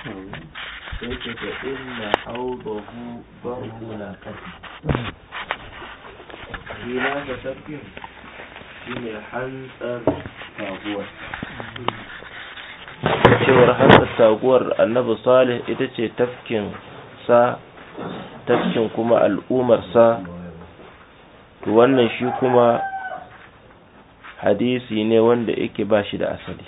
sai ke ta na taguwar cewar hantsar taguwar annabi salih ita ce tafkin sa tafkin kuma sa, to wannan shi kuma hadisi ne wanda yake ba shi da asali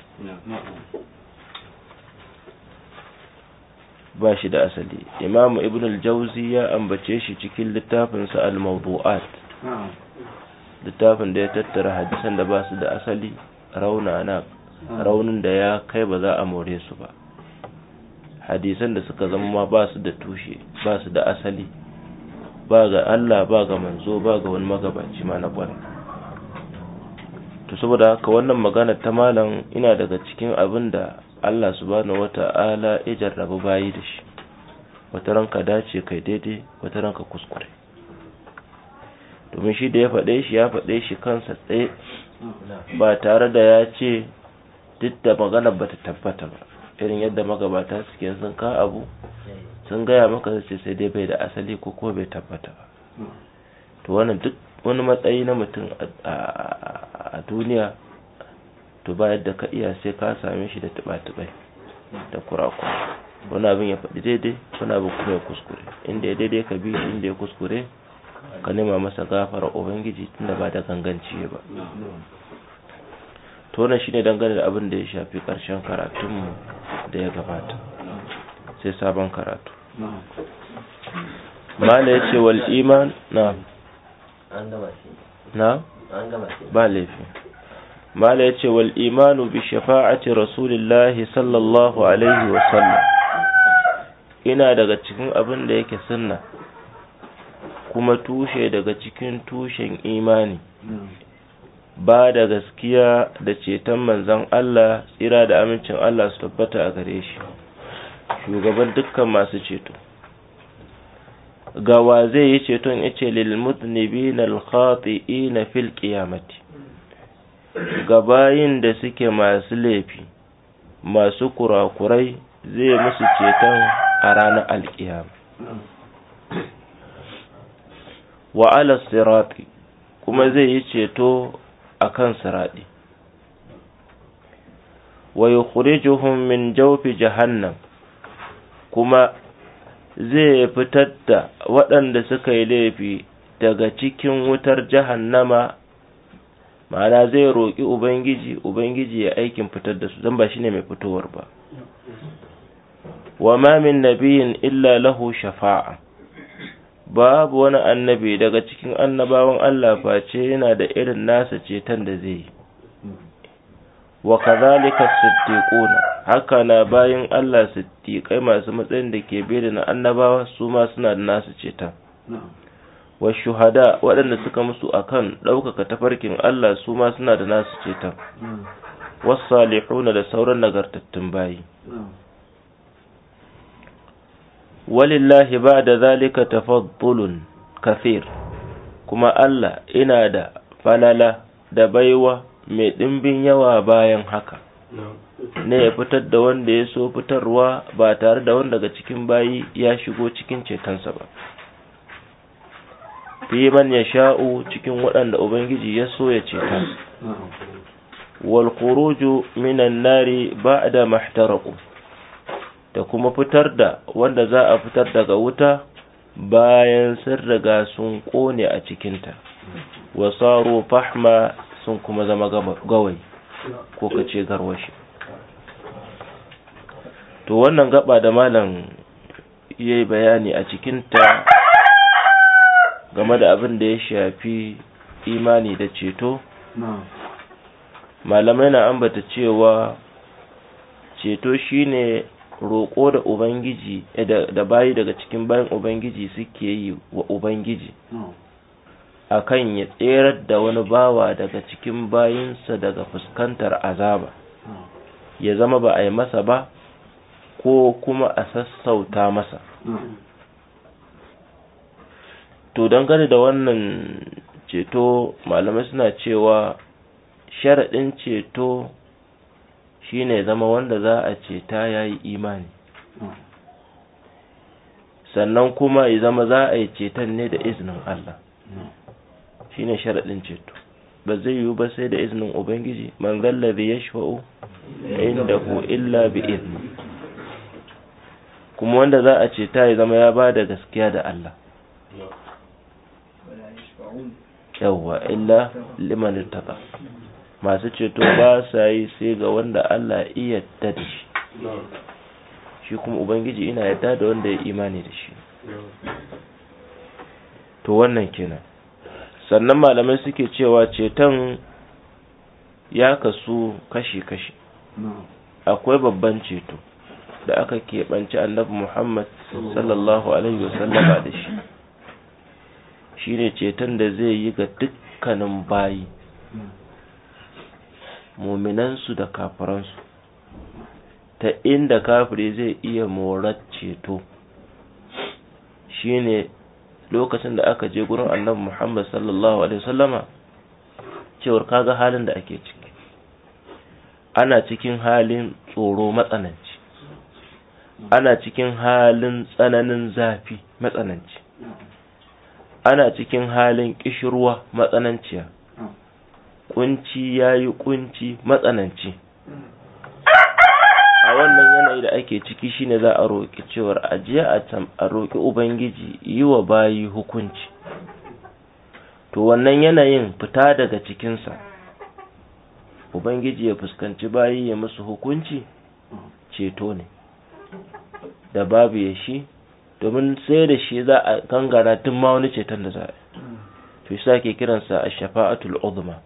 ba shi da asali imamu ibn al-jauzi ya ambace shi cikin sa al-mawdu'at littafin da ya tattara hadisan da ba su da asali raunin da ya kai ba za a more su ba hadisan da suka zama ba su da tushe ba su da asali ba ga Allah ba ga manzo ba ga wani magabaci ma na kwana to saboda haka wannan magana ta malam ina daga cikin abin da Allah subhanahu wata'ala ya jarrabu bayi da shi wata ranka dace kai daidai wata ranka kuskure domin shi da ya faɗe shi ya faɗe shi kansa tsaye ba tare da ya ce duk da magana ba ta tabbata ba irin yadda magabata suke sun ka abu sun gaya maka su ce sai dai bai da asali ko ko bai tabbata ba to wannan duk wani matsayi na mutum a duniya to ba yadda ka iya sai ka same shi da tuba-tubai da kurakura wani abin ya faɗi daidai wani abin kuma ya kuskure inda ya daidai ka bi inda ya kuskure ka nema masa gafara ubangiji da ba da ganganci ba to wannan shine dangane da abin da ya shafi karshen karatunmu da ya gabata sai sabon karatu mala yace wal iman na an gama shi na an gama shi ba laifi mala ce wal imanu bi shafa'ati rasulillahi sallallahu alaihi wa sallam ina daga cikin abin da yake sunna kuma tushe daga cikin tushen imani ba da gaskiya da ceton manzon Allah tsira da amincin Allah su tabbata a gare shi shugaban dukkan masu ceto ga wa zai yi ceton yace lil mutnibina al khati'ina fil qiyamati ga bayin da suke masu laifi masu kurakurai zai musu ceton a ranar alkiyama wa ala sirati kuma zai yi ceto a kan siraɗi wa yukhrijuhum min jaufi jahannam kuma zai fitar da waɗanda suka yi laifi daga cikin wutar jahannama ma'ana zai roƙi ubangiji ubangiji ya aikin fitar da su don ba shi ne mai fitowar ba wa ma min nabiyin illa lahu shafa'a babu wani annabi daga cikin annabawan Allah face yana da irin nasa ceton da zai yi wa kazalika siddiquna haka na bayin Allah siddiqai masu matsayin da ke bayyana annabawa su ma suna da nasa ceton wa shuhada waɗanda suka musu akan ɗaukaka tafarkin Allah su ma suna da nasu ceton wasu salihuna da sauran nagartattun bayi walillahi ba da zalika tafaddulun kafir kuma Allah ina da falala da baiwa mai ɗimbin yawa bayan haka ne ya fitar da wanda ya so fitarwa ba tare da wanda daga cikin bayi ya shigo cikin cetonsa ba fi man sha'u cikin waɗanda ubangiji ya so ya ce ta Walƙuruju minan nari da mahtaraqu da kuma fitar da wanda za a fitar daga wuta bayan sun riga sun ƙone a cikinta wa tsaro fahma sun kuma zama gawayi ko kace garwashi to wannan gaba da malam yayi bayani a cikinta game da abin da ya shafi imani da ceto malamai na ambata cewa ceto shi ne roƙo da ubangiji eh, da bayi daga cikin bayan ubangiji suke yi wa ubangiji akan ya tserar da wani bawa daga cikin bayinsa daga fuskantar azaba ya zama ba a yi masa ba ko kuma a sassauta masa to dangane da wannan ceto malamai suna cewa sharaɗin ceto shine zama wanda za a ceta ya yi imani sannan kuma ya zama za a yi ceton ne da izinin Allah shine sharaɗin ceto ba zai yiwu ba sai da izinin ubangiji man zallabi ya shafa'u inda ku illa bi izini kuma wanda za a ceta ya zama ya ba da gaskiya da Allah yawwa illa liman irtada masu ceto ba sa yi sai ga wanda Allah iya da shi shi kuma ubangiji ina yadda da wanda ya imani da shi to wannan kenan sannan malamai suke cewa ceton ya kasu kashi-kashi akwai babban ceto da aka keɓance annabi muhammad sallallahu alaihi wasallama da shi shine ceton da zai yi ga dukkanin bayi muminansu da kafiransu ta inda kafiri zai iya morar ceto shine lokacin da aka je gurin annabi Muhammad sallallahu alaihi wasallama cewar kaga halin da ake ciki ana cikin halin tsoro matsananci ana cikin halin tsananin zafi matsananci ana cikin halin ƙishirwa matsananciya Ƙunci ya yi kunci matsananci a wannan yanayi da ake ciki shine za a roƙi cewar ajiya a roƙi ubangiji yi wa bayi hukunci to wannan yanayin fita daga cikinsa ubangiji ya fuskanci bayi ya musu hukunci ceto ne da babu ya shi domin sai da shi za a gangara tun ma wani ceton da za a fi sa ke kiransa a shafa'atul uzma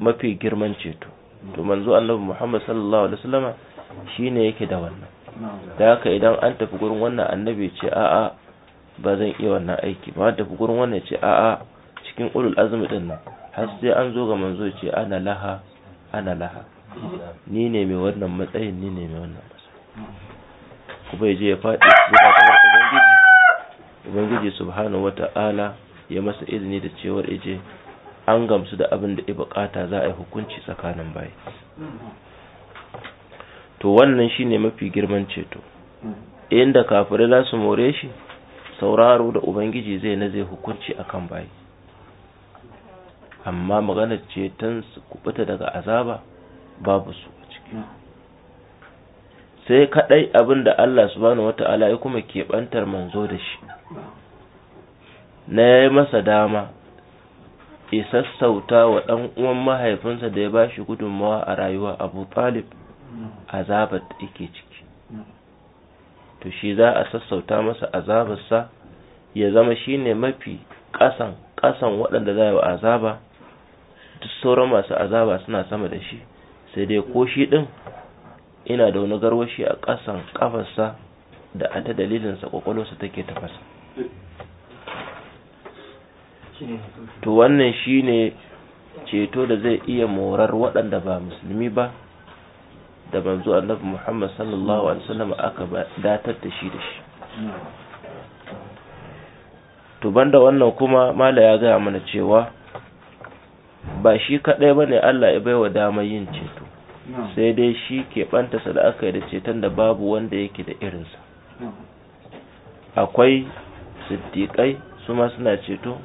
mafi girman ceto to manzo annabi muhammad sallallahu alaihi wasallama shine yake da wannan da haka idan an tafi gurin wannan annabi ce a'a ba zan iya wannan aiki ba tafi gurin wannan ce a'a cikin ulul azmi din nan har sai an zo ga manzo ce ana laha ana laha ni ne mai wannan matsayin ni ne mai wannan matsayin kuma ya je ya faɗi ubangiji subhanahu wata'ala ya masa izini da cewar ije an gamsu da abin da ya bukata za a yi hukunci tsakanin bayi to wannan shine mafi girman ceto inda kafirai za su more shi sauraro da ubangiji zai na zai hukunci akan bayi amma maganar ceton su kubuta daga azaba babu su a ciki sai kadai abin da Allah subhanahu wata'ala ya kuma ɓantar manzo da shi na ya yi masa dama ya sassauta wa ɗan uwan mahaifinsa da ya ba shi gudunmawa a rayuwa abu talib azabar da yake ciki to shi za a sassauta masa azabarsa ya zama shi ne mafi ƙasan ƙasan waɗanda za wa azaba duk sauran masu azaba suna sama da shi sai dai ko shi ɗin ina da wani garwashi a ƙasan ƙafarsa da a ta dalilinsa ƙwaƙwalwarsa take tafasa to wannan shine ceto da zai iya morar waɗanda ba musulmi ba da manzo annabi Muhammad sallallahu alaihi wasallam aka datar da shi da shi to banda wannan kuma mala ya gaya mana cewa ba shi kadai bane Allah ya bai wa dama yin ceto sai dai shi ke banta sa da aka yi da ceton da babu wanda yake da irinsa akwai siddiƙai su ma suna ceto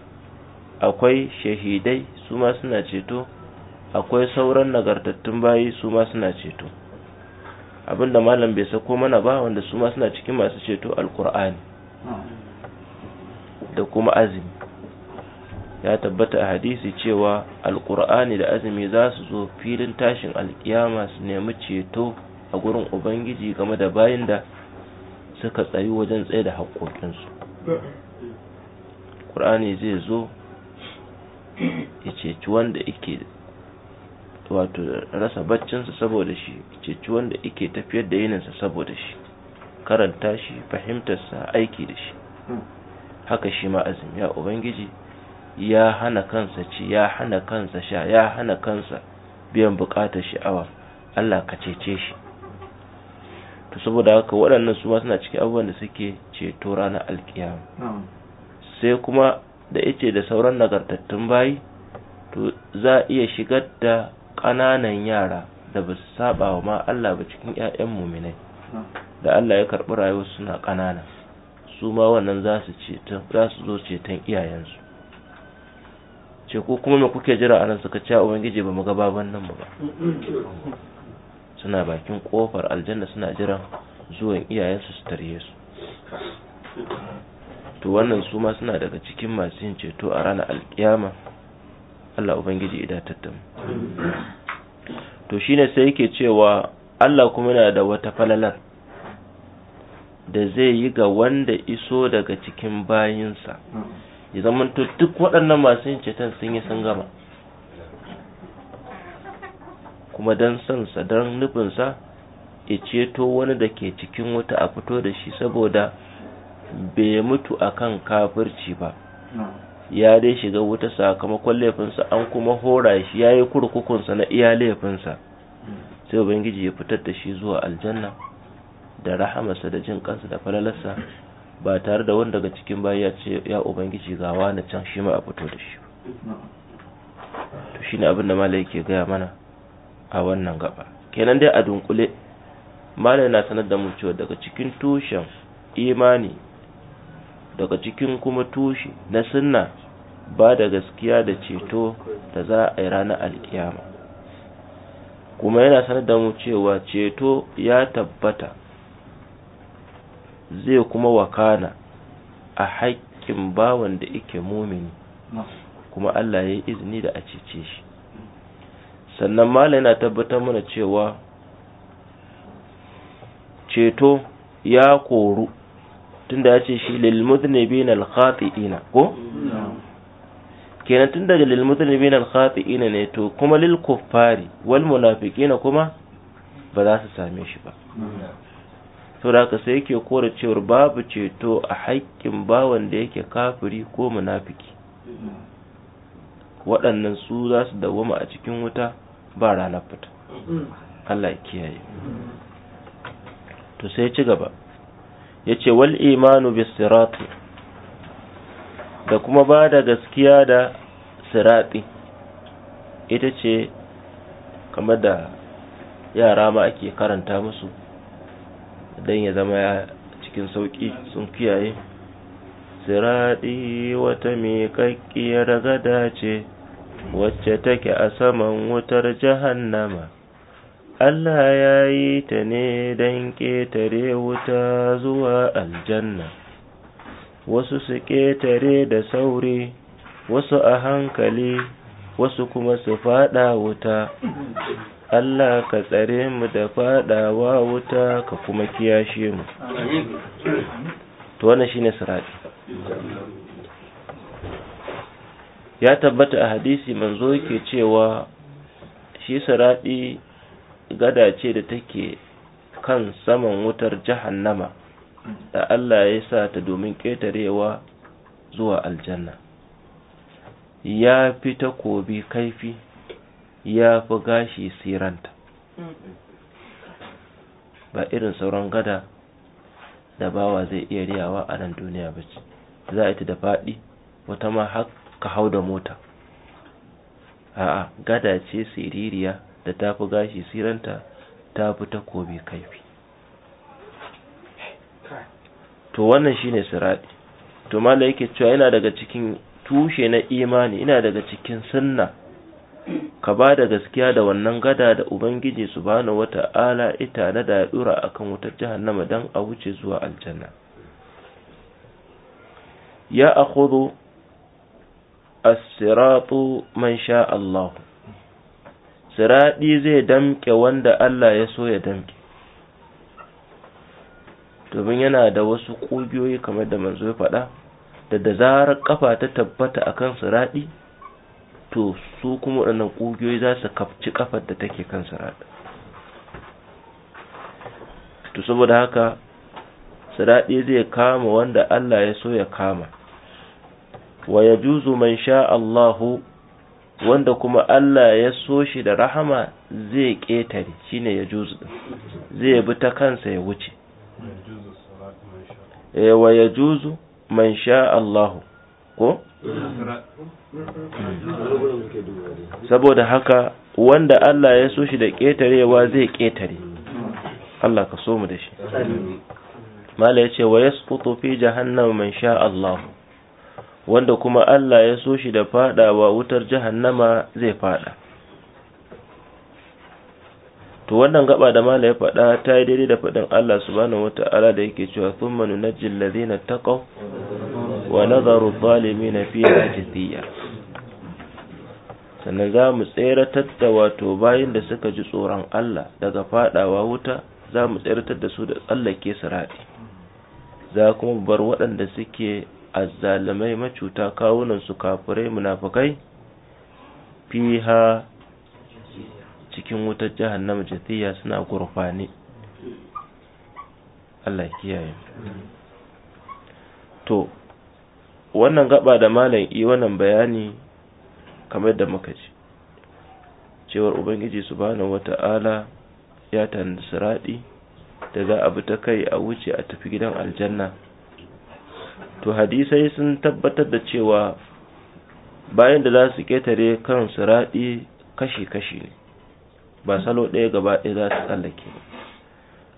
akwai shahidai su ma suna ceto akwai sauran nagartattun bayi su ma suna ceto abinda malam bai sako mana ba wanda su ma suna cikin masu ceto alkur'ani da kuma azumi ya tabbata a hadisi cewa alkur'ani da azumi za su zo filin tashin alkiyama su nemi ceto a gurin ubangiji game da bayan da suka tsayi wajen tsaye da haƙoƙinsu ƙur'ani zai zo ya ceci wanda ike wato rasa baccinsa saboda shi ceci wanda ike tafiyar da yininsa saboda shi karanta shi fahimtarsa aiki da shi haka shi ma azumi ya ubangiji ya hana kansa ci ya hana kansa sha ya hana kansa biyan bukatar sha'awa Allah ka cece shi to saboda haka waɗannan su ma suna cikin abubuwan da suke ceto rana alkiyama sai kuma da yace da sauran nagartattun bayi to za a iya shigar da ƙananan yara da ba su saba wa ma Allah ba cikin 'ya'yan muminai da Allah ya karɓi rayuwar suna ƙanana su ma wannan za su zo ceton iyayensu ce ko kuma me kuke jira anan suka ce ubangiji ba mu ga baban nan ba suna bakin kofar aljanna suna jiran zuwan iyayensu su tarye su to wannan su ma suna daga cikin masu yin ceto a ranar alkiyama Allah ubangiji idatar da mu to shine sai yake cewa Allah kuma yana da wata falalar da zai yi ga wanda iso daga cikin bayinsa ya zama to duk waɗannan masu yin ceton sun yi sun gama kuma don sansa don nufinsa ya ceto wani da ke cikin wuta a fito da shi saboda bai mutu akan kafirci ba ya dai shiga wuta sakamakon laifinsa an kuma hora shi ya yi kurkukunsa na iya laifinsa sai ubangiji ya fitar da shi zuwa aljanna da rahamarsa da jin kansa da falalarsa ba tare da wanda daga cikin baya ya ce ya ubangiji gawa wani can shi ma a fito da shi to shine abin da malai ke gaya mana a wannan gaba kenan dai a dunkule malai na sanar da mu cewa daga cikin tushen imani daga cikin kuma tushe na sunna ba da gaskiya da ceto da za a yi ranar alkiyama kuma yana sanar da mu cewa ceto ya tabbata zai kuma wakana a haƙƙin bawan da ike mumini kuma Allah ya yi izini da a cece shi sannan mala yana tabbatar mana cewa ceto ya koru tunda ya ce shi lilmuznibin al-khati'ina ko kenan tun daga lilmuznibin ne to kuma lil wal munafiqina kuma ba za su same shi ba saboda haka sai yake kora cewar babu ceto a haƙƙin bawan da yake kafiri ko munafiki waɗannan su za su dawwama a cikin wuta ba ranar fita Allah kiyaye to sai ci gaba ya ce wal imanu bis sirati da kuma ba da gaskiya da sirati ita ce kamar da yara ma ake karanta musu don ya zama cikin sauƙi sun kiyaye sirati wata miƙaƙƙiyar gada ce wacce take a saman wutar jahannama Allah ya yi ta ne don ƙetare wuta zuwa aljanna wasu su ƙetare da sauri wasu a hankali wasu kuma su faɗa wuta Allah ka tsare mu da faɗawa wuta ka kuma kiyashe mu to wannan shine sirati ya tabbata a hadisi manzo yake cewa shi saradi gada ce da take kan saman wutar jahannama da Allah ya sa ta domin ketarewa zuwa aljanna ya fi takobi kaifi ya fi gashi siranta ba irin sauran gada da bawa zai iya riyawa a nan duniya ba ce za a ita da faɗi wata ma haka. ka hau da mota a'a gada ce siririya da tafi fi gashi siranta ta fi takobi kaifi to wannan shine sirati to mala yake cewa yana daga cikin tushe na imani ina daga cikin sunna ka ba da gaskiya da wannan gada da ubangiji subhanahu wata'ala ita na da dura akan wutar jahannama dan a wuce zuwa aljanna ya akhudhu as-siratu man sha Allah siradi zai damke wanda Allah ya so ya damke domin yana da wasu ƙugiyoyi kamar da manzo ya faɗa da da zarar kafa ta tabbata akan siradi to su kuma waɗannan ƙugiyoyi za su kafci kafar da take kan siradi to saboda haka siradi zai kama wanda Allah ya so ya kama wa ya juzu man sha Allahu wanda kuma Allah ya so shi da rahama zai ƙetare ne ya juzu zai bi ta kansa ya wuce eh, wa ya juzu man sha Allahu ko? saboda haka wanda Allah ya so shi da ƙetarewa zai ƙetare Allah ka so mu da shi mala ya ce wa ya fi jahannama man sha Allahu wanda kuma Allah ya so shi da fadawa wutar jahannama zai fada to wannan gaba da mala ya faɗa ta yi daidai da faɗin Allah subhanahu wata'ala da yake cewa thumma nunajji alladhina taqaw wa nadharu adh-dhalimina fiha jithiya sannan za mu tseratar da wato bayan da suka ji tsoron Allah daga fadawa wuta za mu tseratar da su da tsallake sirati za kuma bar waɗanda suke azzalimai macuta kawunan su kafirai munafikai fiha cikin wutar jahannama jatiya suna gurfani Allah kiyaye to wannan gaba da malam yi wannan bayani kamar da muka ci cewar ubangiji subhanahu wata'ala ya tanadi siradi da za a bi ta kai a wuce a tafi gidan aljanna to hadisai sun tabbatar da cewa bayan da za su ketare kan siraɗi kashi-kashi ne ba salo ɗaya gaba ɗaya za su tsallake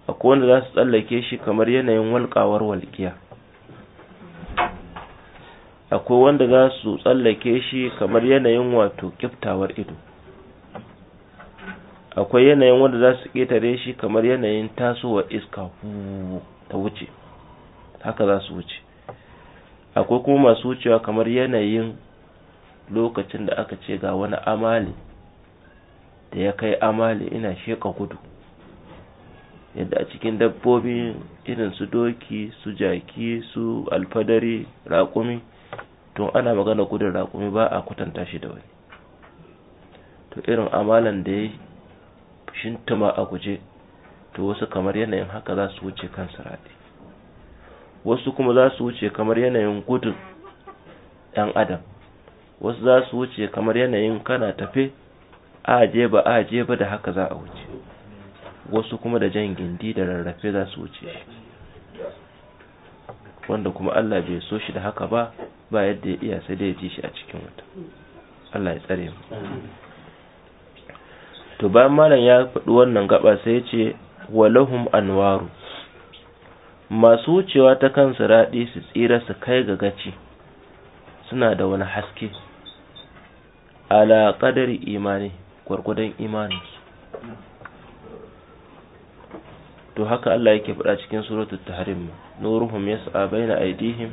akwai wanda za su tsallake shi kamar yanayin walƙawar walƙiya akwai wanda za su tsallake shi kamar yanayin wato kyaftawar ido akwai yanayin wanda za su ƙetare shi kamar yanayin tasowar iska ta wuce haka za su wuce akwai kuma masu wucewa kamar yanayin lokacin da aka ce ga wani amali da ya kai amali ina sheka gudu yadda a cikin dabbobi irin su doki su jaki su alfadari raƙumi to ana magana gudun raƙumi ba a kwatanta shi da wani to irin amalan da ya shintama a guje to wasu kamar yanayin haka za su wuce kan raɗi wasu kuma za su wuce kamar yanayin gudun ɗan adam wasu za su wuce kamar yanayin kana tafe a je ba a je ba da haka za a wuce wasu kuma da jan gindi da rarrafe za su wuce wanda kuma Allah bai so shi da haka ba ba yadda ya iya sai dai ji shi a cikin wata Allah ya tsare mu to bayan malam ya faɗi wannan gaba sai ya ce walahum anwaru masu wucewa ta kan siraɗi su tsira su kai ga gaci suna da wani haske ala qadari imani gwargwadon imaninsu to haka Allah yake faɗa cikin suratul tahrim nuruhum yas'a baina aydihim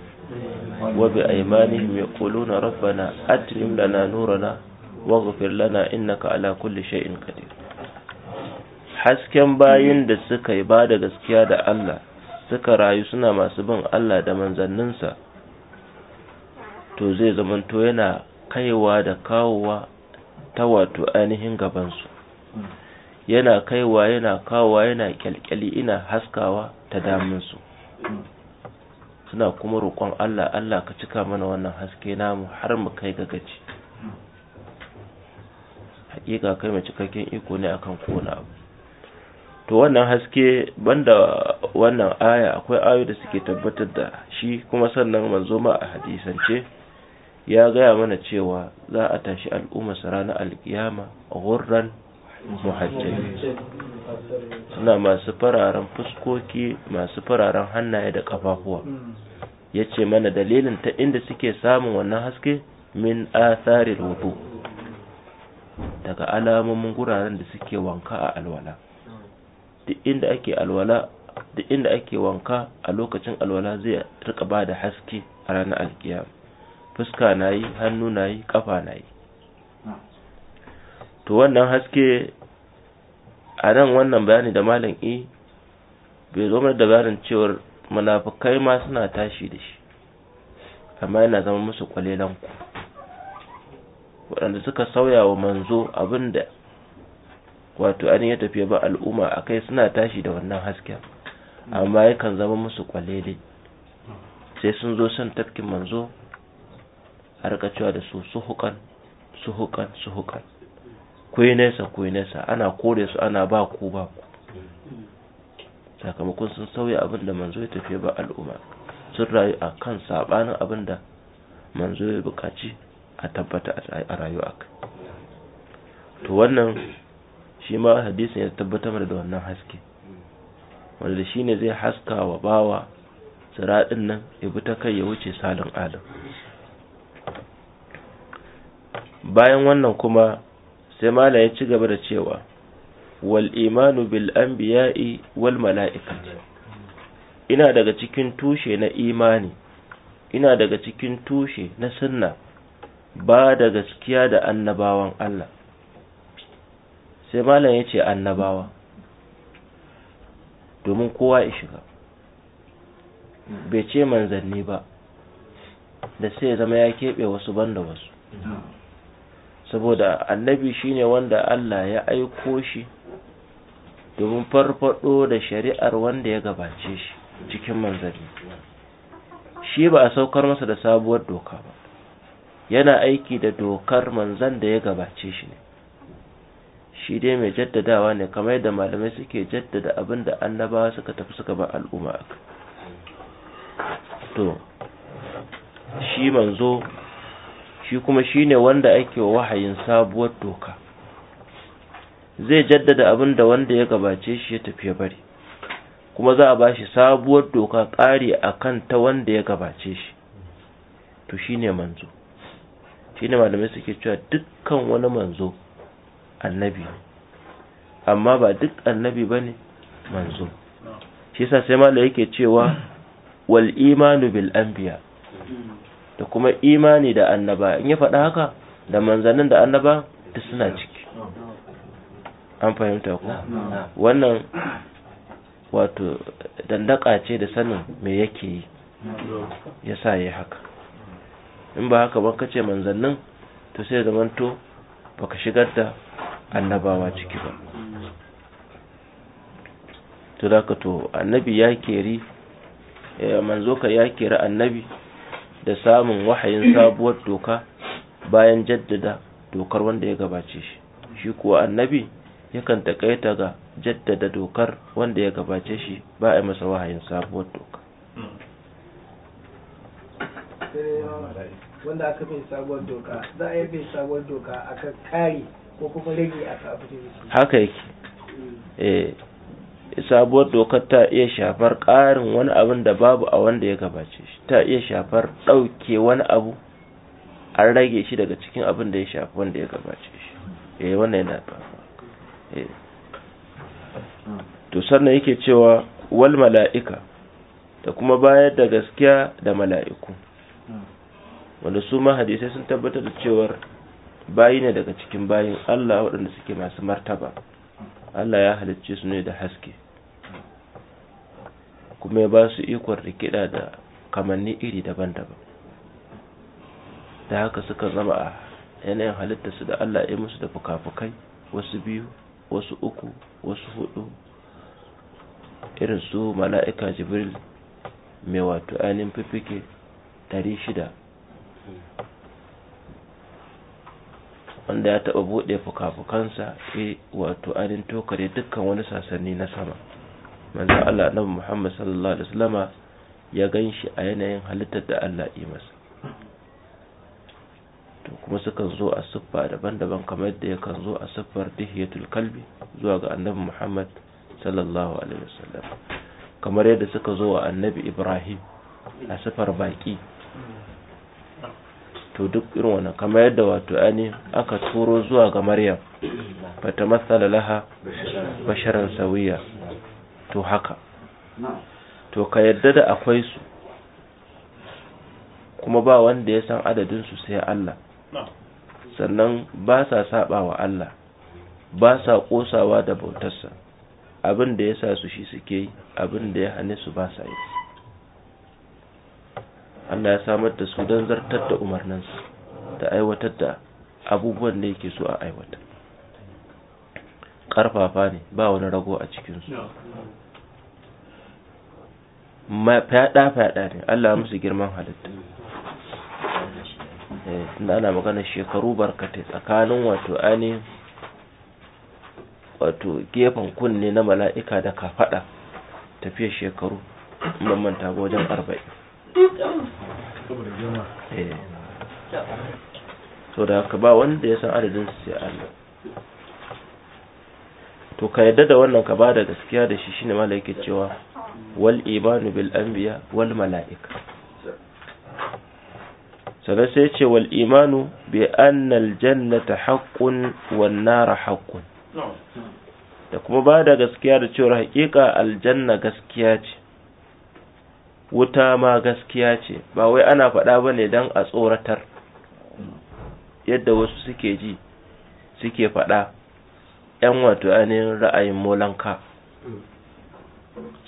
wa bi aymanihim yaquluna rabbana atrim lana nurana waghfir lana innaka ala kulli shay'in qadir hasken bayin da suka yi ba da gaskiya da Allah suka rayu suna masu bin Allah da manzanninsa to zai zamanto yana kaiwa da kawowa ta wato ainihin gabansu yana kaiwa yana kawowa yana kyalkyali ina haskawa ta daminsu suna kuma roƙon Allah Allah ka cika mana wannan haske namu har mu kai ga gaci hakika kai mai cikakken iko ne akan kowane abu to wannan haske banda wannan aya akwai ayoyi da suke tabbatar da shi kuma sannan manzo ma a hadisance ya gaya mana cewa za a tashi al'umma su ranar alkiyama gurran muhajjali suna masu fararen fuskoki masu fararen hannaye da kafafuwa ya ce mana dalilin ta inda suke samun wannan haske min atharil wudu daga alamomin guraren da suke wanka a alwala duk inda ake alwala duk inda ake wanka a lokacin alwala zai rika ba da haske a ranar alkiyama fuska na yi hannu na yi kafa na yi to wannan haske a nan wannan bayani da malam e bai zo mana da bayanin cewar munafukai ma suna tashi da shi amma yana zama musu kwalelan waɗanda suka sauya wa manzo abin da wato an ya tafiya ba al'umma a kai suna tashi da wannan hasken amma yakan zama musu kwalele sai sun zo son tafkin manzo a da su suhukan suhukan suhukan ku nesa ku nesa ana kore su ana ba ku ba ku sakamakon sun sauya abin da manzo ya tafiya ba al'umma sun rayu a kan sabanin abinda manzo ya bukaci a tabbata a rayuwa to wannan shi ma hadisin ya tabbatar da wannan haske wanda shi ne zai haska wa bawa siraɗin nan ya ta kai ya wuce salin alam bayan wannan kuma sai mala ya ci gaba da cewa wal imanu bil anbiya'i wal mala'ika ina daga cikin tushe na imani ina daga cikin tushe na sunna ba da gaskiya da annabawan Allah sai malam ya ce annabawa domin kowa ya shiga bai ce manzanni ba da sai zama ya keɓe wasu banda wasu saboda annabi shine wanda Allah ya aiko shi domin farfado da shari'ar wanda ya gabace shi cikin manzanni shi ba a saukar masa da sabuwar doka ba yana aiki da dokar manzan da ya gabace shi ne shi dai mai jaddadawa ne kamar yadda malamai suke jaddada abin da annabawa suka tafi suka ba al'umma aka to shi manzo shi kuma shi ne wanda ake wahayin sabuwar doka zai jaddada abin da wanda ya gabace shi ya tafi ya bari kuma za a ba shi sabuwar doka ƙari a kan ta wanda ya gabace shi to shi ne manzo shi ne malamai suke cewa dukkan wani manzo annabi amma ba duk annabi bane ne manzo shi yasa sai mala yake cewa wal imanu bil anbiya da kuma imani da annaba in ya faɗa haka da manzannin da annaba duk suna ciki an fahimta ku wannan wato dandaka ce da sanin me yake yi ya sa ya haka in ba haka ban kace manzannin to sai zamanto baka shigar da annabawa ciki ba to da ka to annabi ya keri eh, manzo ka ya keri annabi da samun wahayin sabuwar doka bayan jaddada dokar wanda ya gabace shi shi kuwa annabi yakan takaita ga jaddada dokar wanda ya gabace shi ba a masa wahayin sabuwar doka wanda aka bai sabuwar doka za a yi bai sabuwar doka akan kare ko kuma rage aka abu da yake haka yake eh sabuwar dokar ta iya shafar ƙarin wani abin da babu a wanda ya gabace shi ta iya shafar ɗauke wani abu an rage shi daga cikin abin da ya shafi wanda ya gabace shi eh wannan yana eh to sannan yake cewa wal mala'ika da kuma bayar da gaskiya da mala'iku wanda su ma hadisai sun tabbatar da cewar bayi ne daga cikin bayin Allah waɗanda suke masu martaba Allah ya halicce su ne da haske kuma ya ba su ikon rikida da kamanni iri daban-daban da haka suka zama a yanayin halitta su da Allah ya musu da fuka-fukai wasu biyu wasu uku wasu hudu irin su mala'ika jibril mai wato ainihin fifike shida. wanda ya taɓa buɗe fuka-fukansa wato arin tokare dukkan wani sasanni na sama manzo Allah annabi Muhammad sallallahu alaihi wasallama ya ganshi a yanayin halittar da Allah yi masa to kuma sukan zo a siffa daban-daban kamar da yakan zo a siffar dihiyatul kalbi zuwa ga annabi Muhammad sallallahu alaihi wasallam kamar yadda suka zo wa annabi Ibrahim a siffar baki to duk irin wannan kamar yadda wato ani aka turo zuwa ga maryam bata matsala laha basharan sawiya to haka to ka yadda da akwai su kuma ba wanda ya san adadin su sai Allah sannan ba sa saba wa Allah ba sa kosawa da bautarsa abin da yasa su shi suke yi abin da ya hane su ba sa yi Allah ya samar da su don zartar da umarninsu da aiwatar da abubuwan da yake so a aiwata ƙarfafa ne ba wani rago a cikinsu fyaɗa-fyaɗa ne Allah musu girman halitta eh, da ana magana shekaru barkatai tsakanin wato wato gefen kunne na mala'ika da kafaɗa tafiya shekaru manta wajen arba'in Eh. to da haka ba wanda ya san adadin su sai Allah to ka yadda da wannan ka bada gaskiya da shi shine mala cewa wal imanu bil anbiya wal mala'ika sannan sai ce wal imanu bi anna jannata haqqun wan nar haqqun da kuma bada gaskiya da cewa haƙiƙa aljanna gaskiya ce wuta ma gaskiya ce ba wai ana faɗa ba ne don a tsoratar yadda wasu suke ji suke faɗa 'yan wato ainihin ra'ayin molanka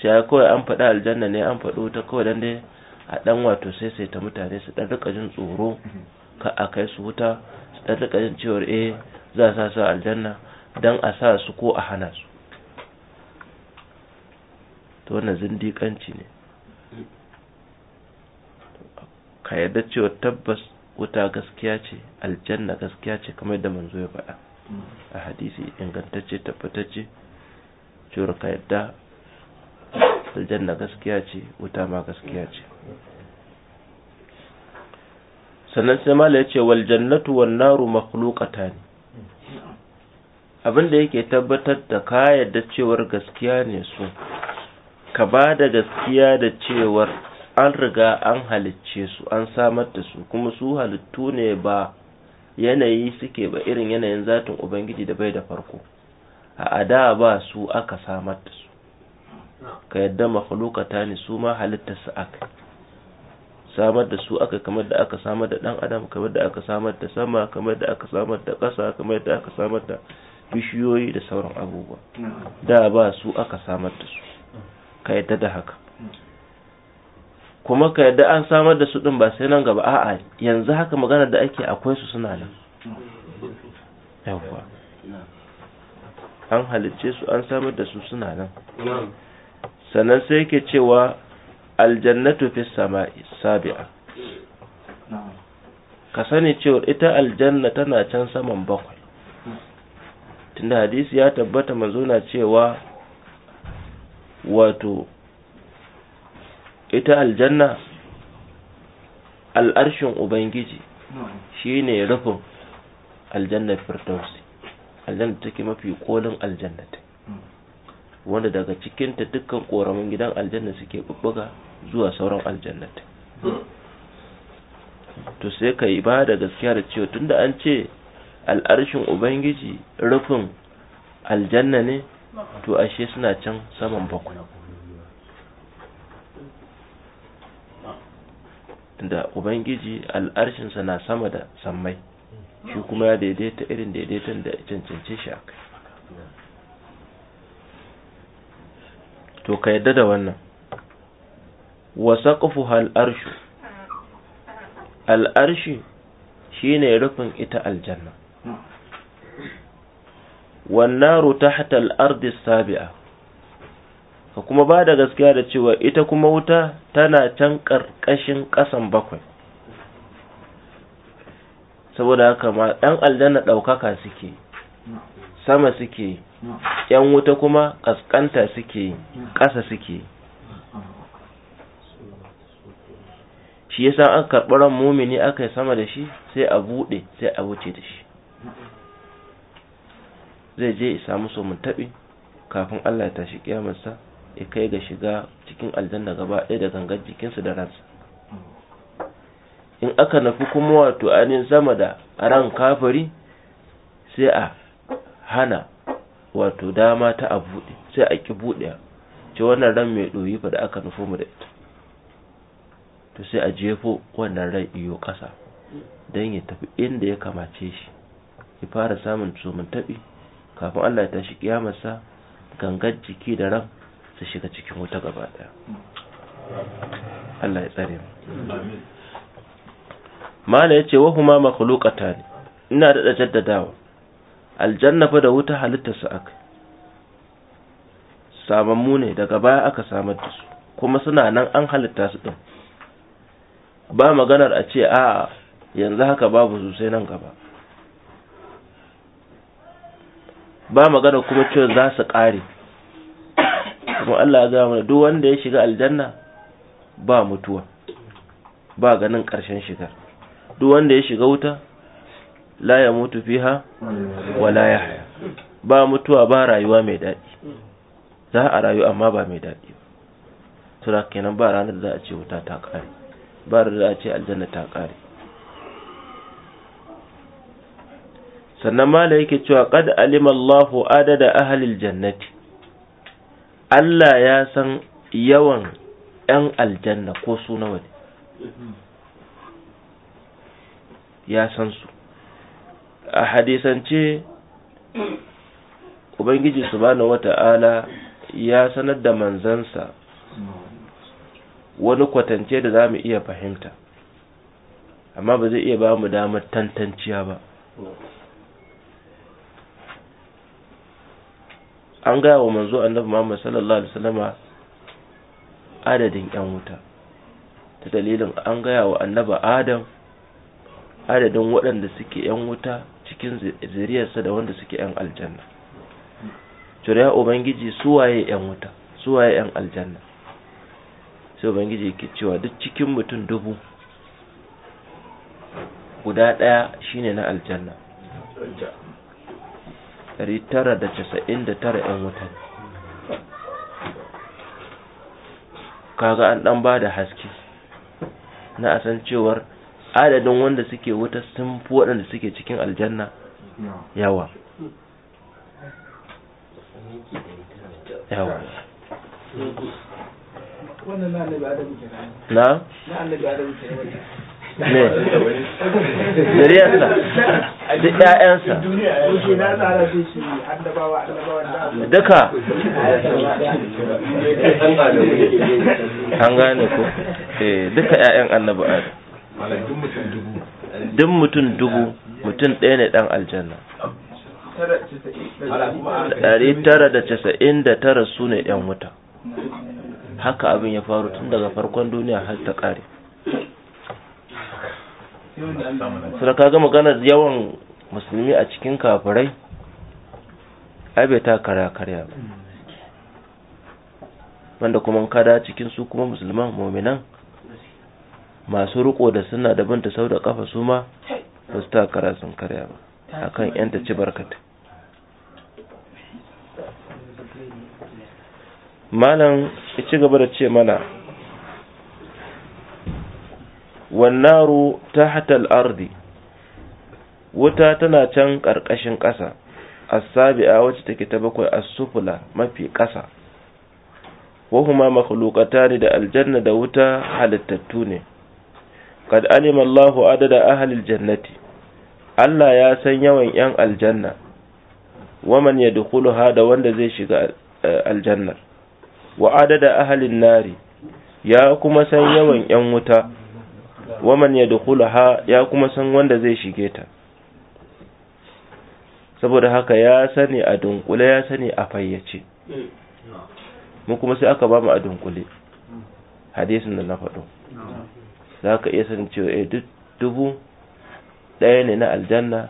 sai kawai an faɗa aljanna ne an faɗo ta kawai don dai a ɗan wato sai sai ta mutane su ɗan rika jin tsoro ka a kai su wuta su ɗan rika jin cewar eh za sa aljanna don a sa su ko a hana su to wannan zindiƙanci ne ka yadda cewa tabbas wuta gaskiya ce aljanna gaskiya ce kamar da manzo ya faɗa a hadisi ingantacce tabbatacce cewar ka yadda aljanna gaskiya ce wuta ma gaskiya ce sannan sai mala ya ce wal jannatu wan naru makhluqatan abin da yake tabbatar da ka yadda cewar gaskiya ne su ka ba da gaskiya da cewar an riga an halicce su an samar da su kuma su halittu ne ba yanayi suke ba irin yanayin zatin ubangiji da bai da farko a ada ba su aka samar da su ka yadda makhlukata ne su ma halitta su aka samar da su aka kamar da aka samar da dan adam kamar da aka samar da sama kamar da aka samar da ƙasa kamar da aka samar da bishiyoyi da sauran abubuwa da ba su aka samar da su ka yadda da haka kuma ka yadda an samar da su din ba sai nan gaba a'a yanzu haka magana da ake akwai su suna nan yawwa an halicce su an samar da su suna nan sannan sai yake cewa aljannatu fi sama'i sabi'a ka sani cewa ita aljanna tana can saman bakwai tunda hadisi ya tabbata manzo na cewa wato ita aljanna al'arshin ubangiji shi shine rufin aljanna firdausi aljanna take mafi kolin ta wanda daga cikinta dukkan koramin gidan aljanna suke bubbuga zuwa sauran ta to sai ka yi ba da gaskiya da cewa tunda an ce al'arshin ubangiji rufin aljanna ne to ashe suna can saman bakwai da ubangiji al'arshinsa na sama da sammai shi kuma ya daidaita irin daidaitan da cancance shi aka to ka yadda da wannan wasa al'arshu al'arshi shi ne rufin ita aljanna wannan ruta hatar ardi sabi'a ka kuma ba da gaskiya da cewa ita kuma wuta tana can ƙarƙashin ƙasan bakwai saboda haka ma ɗan aljanna ɗaukaka suke sama suke ‘yan wuta kuma ƙasƙanta suke ƙasa suke shi yasa an karɓi ran mumini aka yi sama da shi sai a buɗe sai a wuce da shi zai je ya samu taɓi kafin Allah ya tashi kiyamarsa ya kai ga shiga cikin aljanna gaba ɗaya da gangar jikinsu da ransa in aka nufi kuma wato ainihin sama da ran kafari sai a hana wato dama ta a buɗe sai a ƙi buɗe ce wannan ran mai ɗoyi fa da aka nufo mu da ita to sai a jefo wannan ran iyo ƙasa don ya tafi inda ya kamace shi ya fara samun tsomin taɓi kafin allah ya tashi ƙiyamarsa gangar jiki da ran su shiga cikin wuta gaba daya Allah ya tsare mu mala yace wa huma makhluqatan ina daɗa jaddadawa aljanna fa da wuta halitta su aka mu ne daga baya aka samar da su kuma suna nan an halitta su din ba maganar a ce a yanzu haka babu su nan gaba ba maganar kuma cewa za su ƙare kuma Allah ya gaya mana duk wanda ya shiga aljanna ba mutuwa ba ganin ƙarshen shiga duk wanda ya shiga wuta la ya mutu fiha wala ya ba mutuwa ba rayuwa mai daɗi za a rayu amma ba mai daɗi tura kenan ba ranar da za a ce wuta ta ƙare ba ranar za a ce aljanna ta ƙare sannan mala yake cewa qad alima Allahu adada ahlil jannati Allah ya san yawan ‘yan aljanna ko su nawa ne, ya san su. A hadisance, Ubangiji Subhanahu wata'ala ya sanar da manzansa wani kwatance da za mu iya fahimta, amma ba zai iya ba mu damar tantanciya ba. an gaya wa manzo annabi Muhammad sallallahu alaihi wasallama adadin yan wuta ta dalilin an gaya wa annaba Adam adadin waɗanda suke yan wuta cikin zuriyarsa da wanda suke yan aljanna ya ubangiji suwaye yan wuta suwaye yan aljanna sai ubangiji yake cewa duk cikin mutum dubu guda ɗaya shine na aljanna 999 'yan wuta kaga an dan ba da haske na asan cewar adadin wanda suke wuta sun fi waɗanda suke cikin aljanna yawa yawa na? na annabi adamu ne zuriyarsa duk ƴaƴansa duka an gane ko eh, duka ƴaƴan annabi duk mutum dubu mutum ɗaya ne ɗan aljanna ɗari tara da casa'in da tara su ne ‘yan wuta haka abin ya faru tun daga farkon duniya har ta ƙare sai ga maganar yawan musulmi a cikin kafirai ai ta kara karya ba wanda kuma kada cikin su kuma musulman muminan masu riko da suna da banta sau da kafa su ma ba su ta kara sun karya ba akan yan ci barkata malam ya ci gaba da ce mana wannaru tahta al-ardi wuta tana can ƙarƙashin ƙasa Asabi'a wacce take ta bakwai as-sufula mafi ƙasa wahuma makhluqatani da aljanna da wuta halittattu ne kad alima Allahu adada ahlil jannati Allah ya san yawan yan aljanna waman yadkhuluha da wanda zai shiga eh, aljannar wa adada ahlin nari ya kuma san yawan yan wuta wa man yadkhulaha ya kuma san wanda zai shige ta saboda haka ya sani a dunkule ya sani a fayyace mu kuma sai aka ba mu a dunkule hadisin da na faɗo za ka iya san cewa eh duk dubu ɗaya ne na aljanna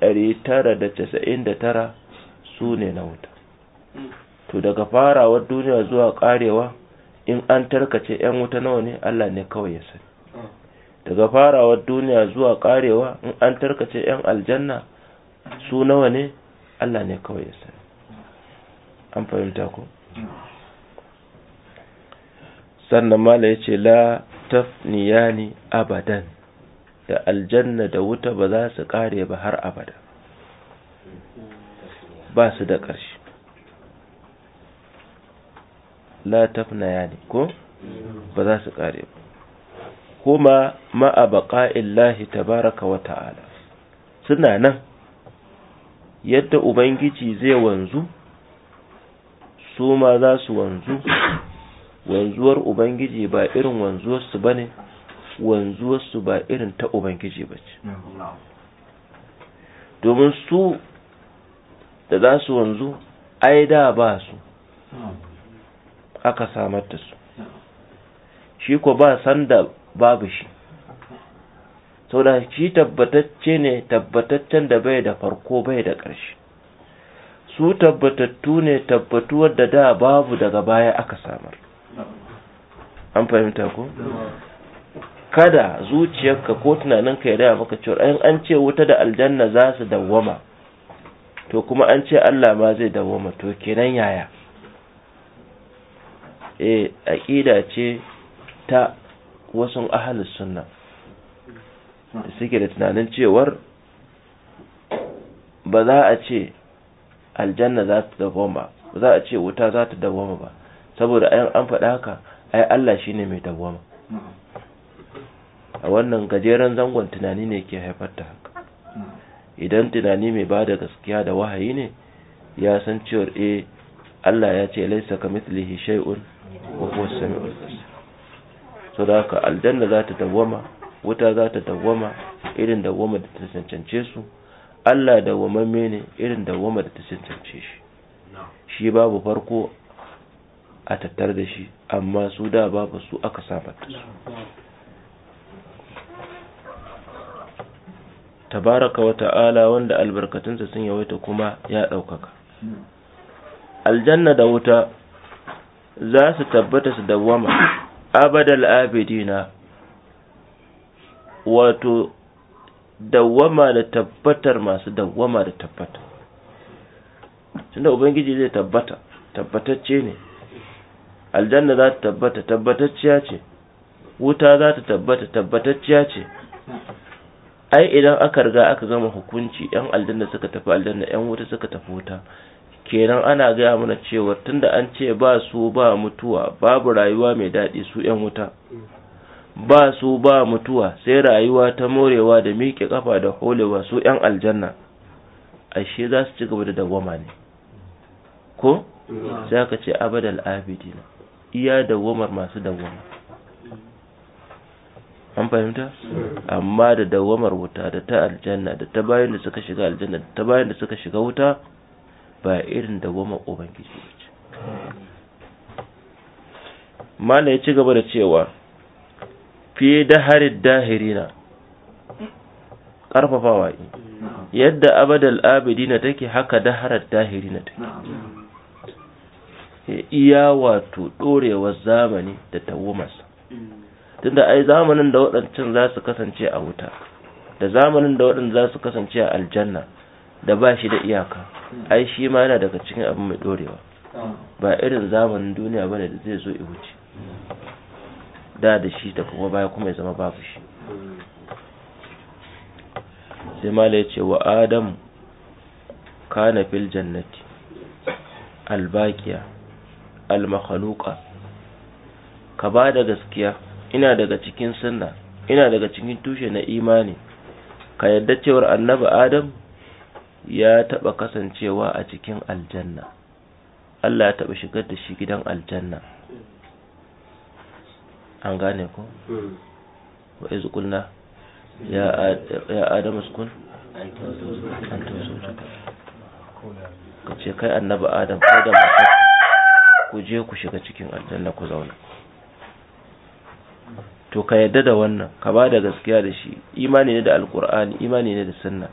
ɗari tara da casa'in da tara su ne na wuta to daga farawar duniya zuwa ƙarewa in an tarkace 'yan wuta nawa ne allah ne kawai ya sani daga farawar duniya zuwa karewa in an tarkace 'yan aljanna su nawa ne Allah ne kawai ya sani an fahimta ko sannan mala ya ce la tafniyani abadan da aljanna da wuta ba za su kare ba har abada ba su da ƙarshe la tafnayani ko ba za su kare ba Kuma ma'a illahi tabaraka wa ta'ala suna nan yadda ubangiji zai wanzu su ma za su wanzu wanzuwar ubangiji ba irin wanzuwarsu ba ne wanzuwarsu ba irin ta ubangiji ba ce domin su da za su wanzu ai da ba su aka samar da su shi ko ba sanda babu shi saboda shi tabbatacce ne tabbataccen da bai da farko bai da ƙarshe su tabbatattu ne tabbatuwar da da babu daga baya aka samar an fahimta ko kada zuciyarka ko tunaninka ya daya maka cewa in an ce wuta da aljanna za su dawwama to kuma an ce Allah ma zai dawwama to kenan yaya eh aqida ce ta wasu ahalus sunna suke da tunanin cewar ba za a ce aljanna za ta dawoma ba za a ce wuta za ta dawoma ba saboda ayan an faɗa haka ai Allah shi ne mai dawoma a wannan gajeren zangon tunani ne ke haifar da haka idan tunani mai ba da gaskiya da wahayi ne ya san cewar eh Allah ya ce laisa kamithlihi shay'un wa huwa samiul sau da haka aljanna za ta dawwama wuta za ta dawwama irin dawwama da ta cancance su Allah dawwamamme ne irin dawwama da ta cancance shi shi babu farko a tattar da shi amma su da babu su aka samarta su tabaraka wa ta'ala wanda albarkatunsa sun yawaita kuma ya ɗaukaka aljanna da wuta za su tabbata su dawwama abadal abidina wato dawwama da tabbatar masu dawwama da tabbata tunda ubangiji zai tabbata tabbatacce ne aljanna za ta tabbata tabbatacciya ce wuta za ta tabbata tabbatacciya ce ai idan aka riga aka gama hukunci yan aljanna suka tafi aljanna yan wuta suka tafi wuta kenan ana gaya mana cewa tunda an ce ba su ba mutuwa babu rayuwa mai daɗi su 'yan wuta ba su ba mutuwa sai rayuwa ta morewa da miƙe ƙafa da holewa su 'yan aljanna ashe za su ci gaba da dawoma ne ko sai aka ce abadal abidina iya dawomar masu dawoma. an fahimta amma da dawomar wuta da ta aljanna da ta bayan da suka shiga aljanna da ta bayan da suka shiga wuta ba irin da goma ubangiji ce mana ya ci gaba da cewa fiye da harin na ƙarfafawa yi yadda abadal abidina take haka daharar na take iya wato ɗorewar zamani da tawomarsa tunda ai zamanin da waɗancan za su kasance a wuta da zamanin da waɗanda za su kasance a aljanna da ba shi da iyaka ai shi ma yana daga cikin abin mai ɗorewa. ba irin zamanin duniya ba ne da zai zo ya wuce da da shi da kuma baya kuma ya zama babu shi sai mala ya ce wa adam kana fil jannati albaqiya almakhluqa ka ba da gaskiya ina daga cikin sunna ina daga cikin tushe na imani ka yadda cewar annabi adam ya taɓa kasancewa a cikin aljanna Allah ya taɓa shigar da shi gidan aljanna an gane ko wa izu kulna ya adamu sukun an tozo ka ce kai annaba adam ko da masu ku je ku shiga cikin aljanna ku zauna to ka yadda da wannan ka ba da gaskiya da shi imani ne da alkur'ani imani ne da sunna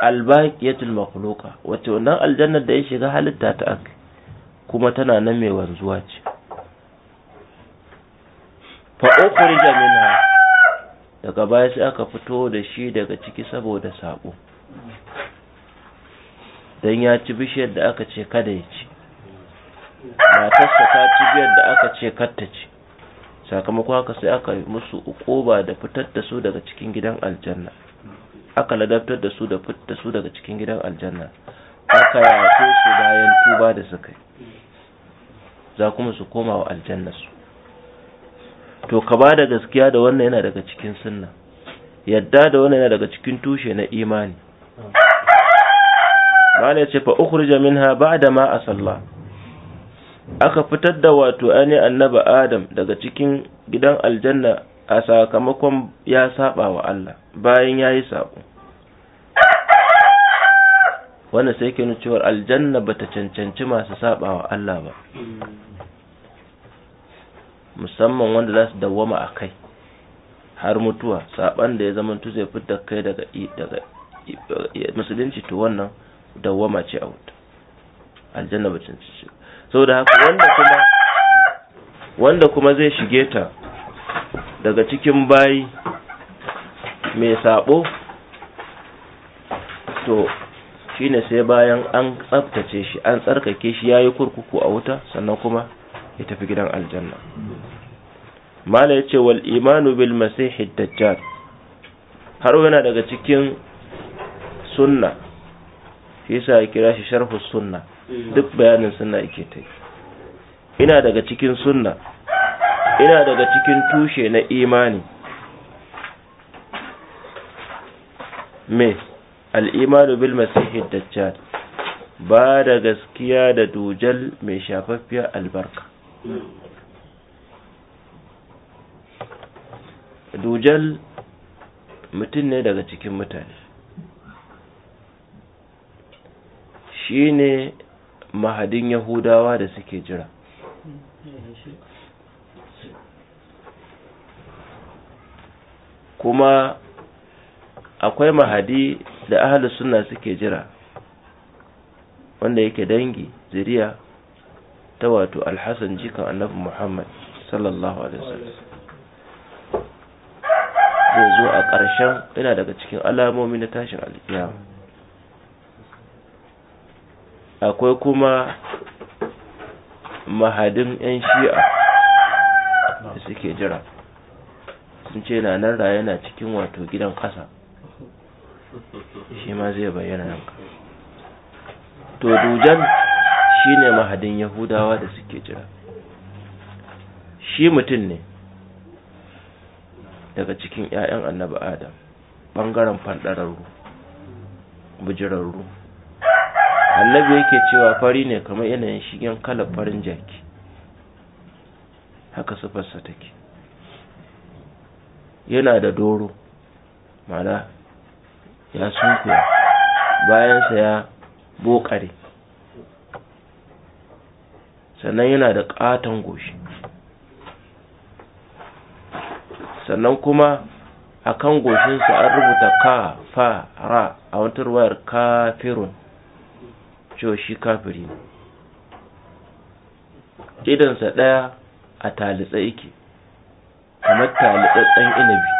albaqiyatul makhluqa wato wannan aljannar da ya shiga halitta ta aka kuma tana nan mai wanzuwa ce fa ukhrija minha daga baya sai aka fito da shi daga ciki saboda sabo dan ya ci bishiyar da aka ce kada ya ci matarsa ta ci biyar da aka ce katta ci sakamakon haka sai aka musu ukoba da fitar da su daga cikin gidan aljanna aka ladabtar da su da fitta su daga cikin gidan aljanna aka yafe su bayan tuba da suka za kuma su koma wa aljanna su to ka ba da gaskiya da wannan yana daga cikin sunna yadda da wannan yana daga cikin tushe na imani mala ce fa ukhrija minha ba'da ma asalla aka fitar da wato ani annaba adam daga cikin gidan aljanna a sakamakon ya saba wa Allah bayan ya yi saƙo wannan sai ke cewar aljanna ba ta cancanci masu saba wa Allah ba musamman wanda za su dawwama a kai har mutuwa saban da ya zama zai fitar kai daga musulunci to wannan dawwama ce a wuta aljanna ba cancanci da haka wanda kuma zai shige ta daga cikin bayi mai sabo to shine sai bayan an tsabtace shi an tsarkake shi yayi kurkuku a wuta sannan kuma ya tafi gidan aljanna mala yace wal imanu bil masihi dajjal har yana daga cikin sunna shi yasa ya kira shi sharhu sunna duk bayanin sunna yake ta ina daga cikin sunna ina daga cikin tushe na imani me al'imanu bil masihid dajjal ba da gaskiya da dujal mai shafaffiyar albarka dujal mutum ne daga cikin mutane shi ne mahadin yahudawa da suke jira kuma akwai mahadi da ahli sunna suke jira wanda yake dangi zuriya ta wato alhassan jikan annabi muhammad sallallahu alaihi wasallam zai zo a ƙarshen yana daga cikin alamomi na tashin alkiyama akwai kuma mahadin 'yan shi'a da suke jira sun ce na nan raye na cikin wato gidan ƙasa shi ma zai bayyana yanka to dujan shi ne mahadin yahudawa da suke jira shi mutum ne daga cikin 'ya'yan annabi adam ɓangaren fanɗararru bujirarru annabi yake cewa fari ne kamar yanayin shigen kalar farin jaki haka sufarsa take yana da doro mana ya sunkuya bayansa ya bokare sannan yana da ƙaton goshi sannan kuma a kan goshinsa an rubuta ka fa ra a wata ruwayar kafirun cewa shi kafiri idansa ɗaya a talitsa yake kamar talibatsen inabi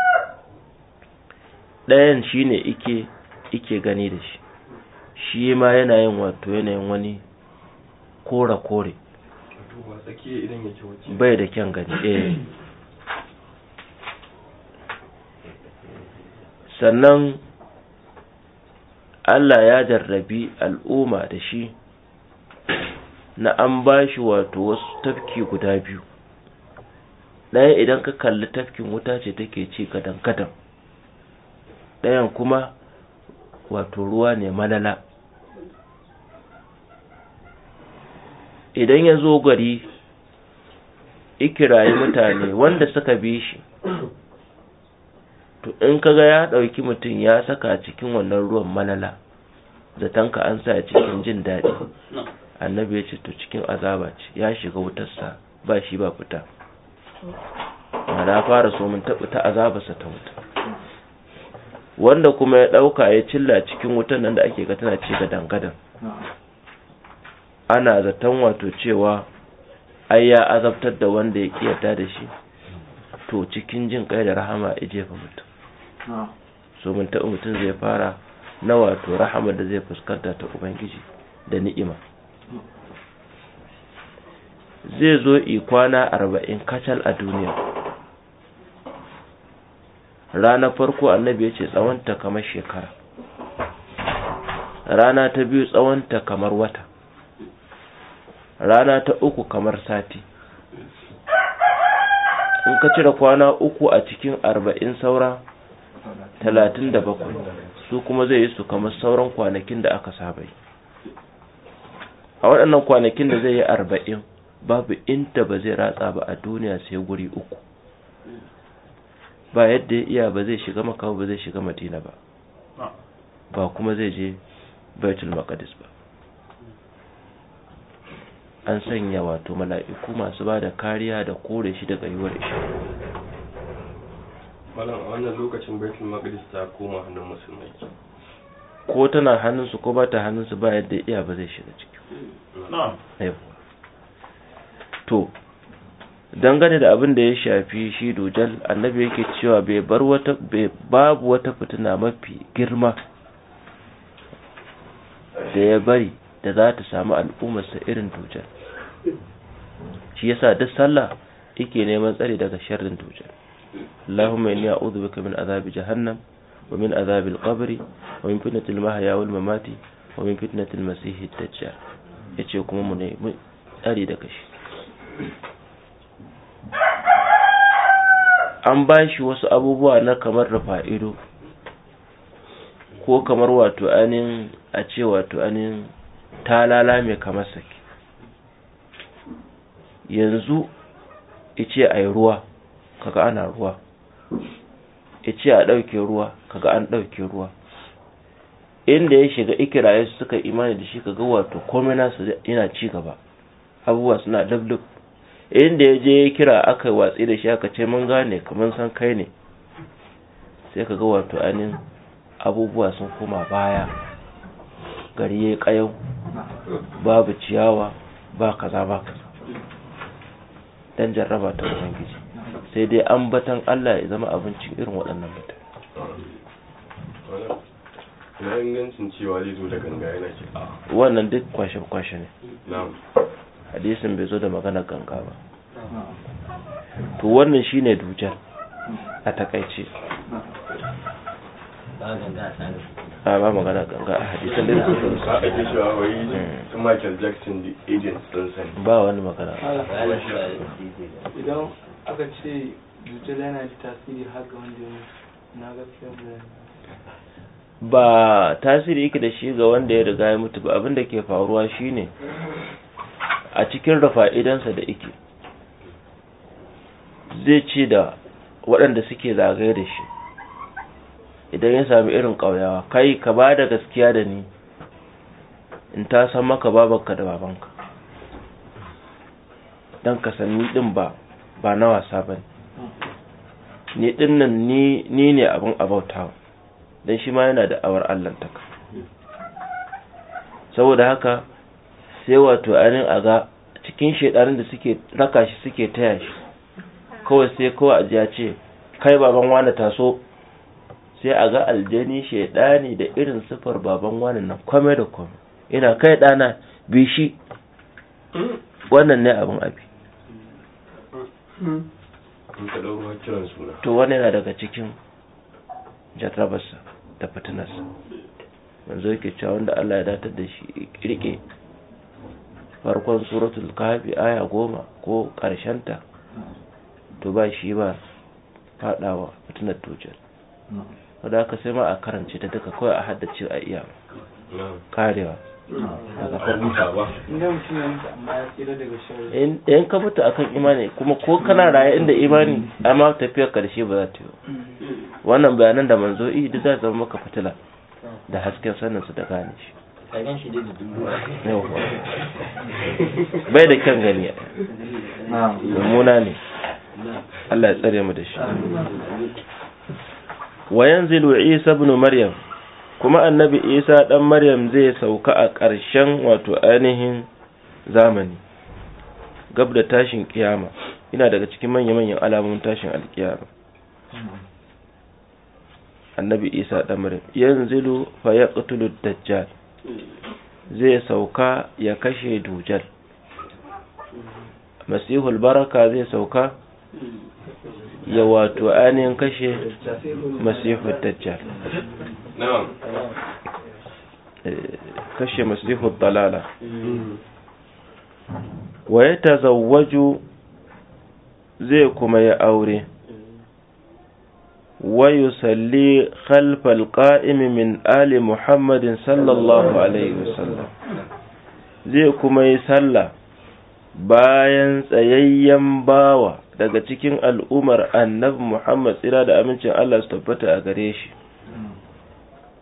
ɗayan shine ike ike gani da shi shi ma yana yin wato yanayin wani kore-kore bai da kyan gani ɗaya eh. sannan Allah ya jarrabi al'umma da shi na an ba shi wato wasu tafki guda biyu ɗaya idan ka kalli tafkin wuta ce take ci kadan-kadan ɗayan kuma wato ruwa ne malala idan ya zo gari ikirayi mutane wanda suka bi shi to in kaga ya ɗauki mutum ya saka cikin wannan ruwan malala zatanka an sa cikin jin daɗi annabi ya ce to cikin azaba ce ya shiga wutarsa ba shi ba fita ana fara so mun ta azabarsa ta wuta wanda kuma ya ɗauka ya cilla cikin wutan nan da ake ga tana ci ga dangadan ana zaton wato cewa ai ya azabtar da wanda ya kiyata da shi to cikin jin kai da rahama ya jefa mutum so mun mutum zai fara na wato rahama da zai fuskanta ta ubangiji da ni'ima zai zo i kwana arba'in kacal a duniya rana farko annabi ya ce tsawonta kamar shekara rana ta biyu tsawonta kamar wata rana ta uku kamar sati in ka cire kwana uku a cikin arba'in saura talatin da bakwai su kuma zai yi su kamar sauran kwanakin da aka sabai a waɗannan kwanakin da zai yi arba'in babu inda ba zai ratsa ba a duniya sai guri uku ba yadda ya iya ba zai shiga makawa ba zai shiga madina ba ba kuma zai je baitul maqdis ba an sanya wato mala'iku masu ba da kariya da kore shi daga yiwuwar shi malam a wannan lokacin baitul maqdis ta koma hannun musulmai ko tana hannunsu ko ba ta hannunsu ba yadda iya ba zai shiga ciki na'am to dangane da abin da ya shafi shi dujal annabi yake cewa bai bar wata babu wata fitina mafi girma da ya bari da za ta samu al'ummarsa irin dujal shi yasa duk sallah yake neman tsare daga sharrin dujal Allahumma inni a'udhu bika min azabi jahannam wa min azabi al-qabri wa min fitnati al-mahya wal mamati wa min fitnati al-masih ad-dajjal yace kuma mu ne tsare daga shi an ba shi wasu abubuwa na kamar da ido ko kamar wato anin a ce wato anin talala mai kamar sake yanzu ice a yi ruwa kaga ana ruwa ice a ɗauke ruwa kaga an ɗauke ruwa inda ya shiga ikiraye suka imani da shi kaga wato komai nasu yana ci gaba abubuwa suna dablub inda ya je ya kira aka watsi da shi aka ce mun gane kamar san kai ne sai ka ga wato anin abubuwa sun koma baya gari ya kayau babu ciyawa ba kaza ba kaza dan jarraba ta ubangiji sai dai an batan Allah ya zama abincin irin waɗannan mutane na cewa zai zo da ganga yana ke. Ah. wannan duk kwashe-kwashe ne hadisin bai zo da magana ganga ba to wannan shine dujar a takaice a ba magana ganga a hadisan da su sun sa ake cewa wai hmm. su Michael Jackson the agent sun sani ba wani magana idan aka ce dujar yana da tasiri har ga wanda na na gaskiya ba tasiri yake da shi ga wanda ya riga ya mutu ba abin da ke faruwa shine a cikin rufa idansa da ike zai ce da waɗanda suke zagaye da shi idan ya sami irin ƙauyawa kai ka ba da gaskiya da ni in ta san maka babanka da babanka don ka sanni ɗin ba ba na wasa ba ni ɗin nan ni ne abin abautawa don shi ma yana da awar allantaka saboda haka sai wato ainihin a ga cikin shekarun da suke raka shi suke taya shi kawai sai kawai a jiya ce kai baban wani taso sai a ga aljani shaidani da irin sifar baban wani na kwame da kwame ina kai dana bi shi wannan ne abin abi to wani yana daga cikin jarabarsa da fitinarsa yanzu yake cewa wanda Allah ya datar da shi rike farkon suratul kafi aya goma ko ta to ba shi ba faɗawa fitinar tujar wadda aka sai ma a karance ta duka kawai a haddace a iya karewa in ka mutu akan imani kuma ko kana raye inda imani amma tafiyar karshe ba za ta yi wannan bayanan da manzo duk za zama maka fitila da hasken saninsu da gane shi da bai da kyan gani mummuna ne Allah ya tsare mu da shi wa yanzilu Isa ibn Maryam kuma annabi Isa dan Maryam zai sauka a ƙarshen wato ainihin zamani gab da tashin kiyama ina daga cikin manya-manyan alamun tashin alkiyama annabi Isa dan Maryam yanzilu fa yaqtulu dajjal zai sauka ya kashe dujal masihul baraka zai sauka ya wato ainihin kashe masihul dajjal eh, kashe masihul dalala mm. wa ya zai kuma ya aure ويصلي خلف القائم من آل محمد صلى الله عليه وسلم zai kuma yi sallah bayan tsayayyen bawa daga cikin al'umar annabi Muhammad tsira da amincin Allah su tabbata a gare shi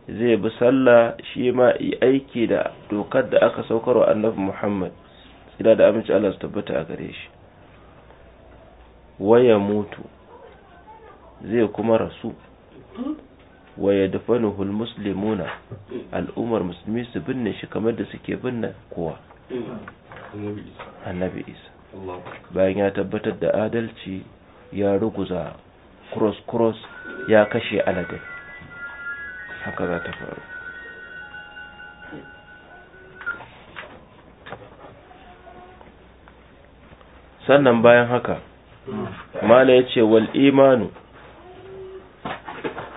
zai bi sallah shi ma yi aiki da dokar da aka saukarwa annabi Muhammad tsira da amincin Allah su tabbata a gare shi waya mutu zai kuma rasu wa ya dafanuhul muslimuna al'ummar musulmi su binne shi kamar da suke binne kowa annabi isa bayan ya tabbatar da adalci ya ruguza cross-cross ya kashe aladai haka za ta faru sannan bayan haka hmm. mala ya ce wal imanu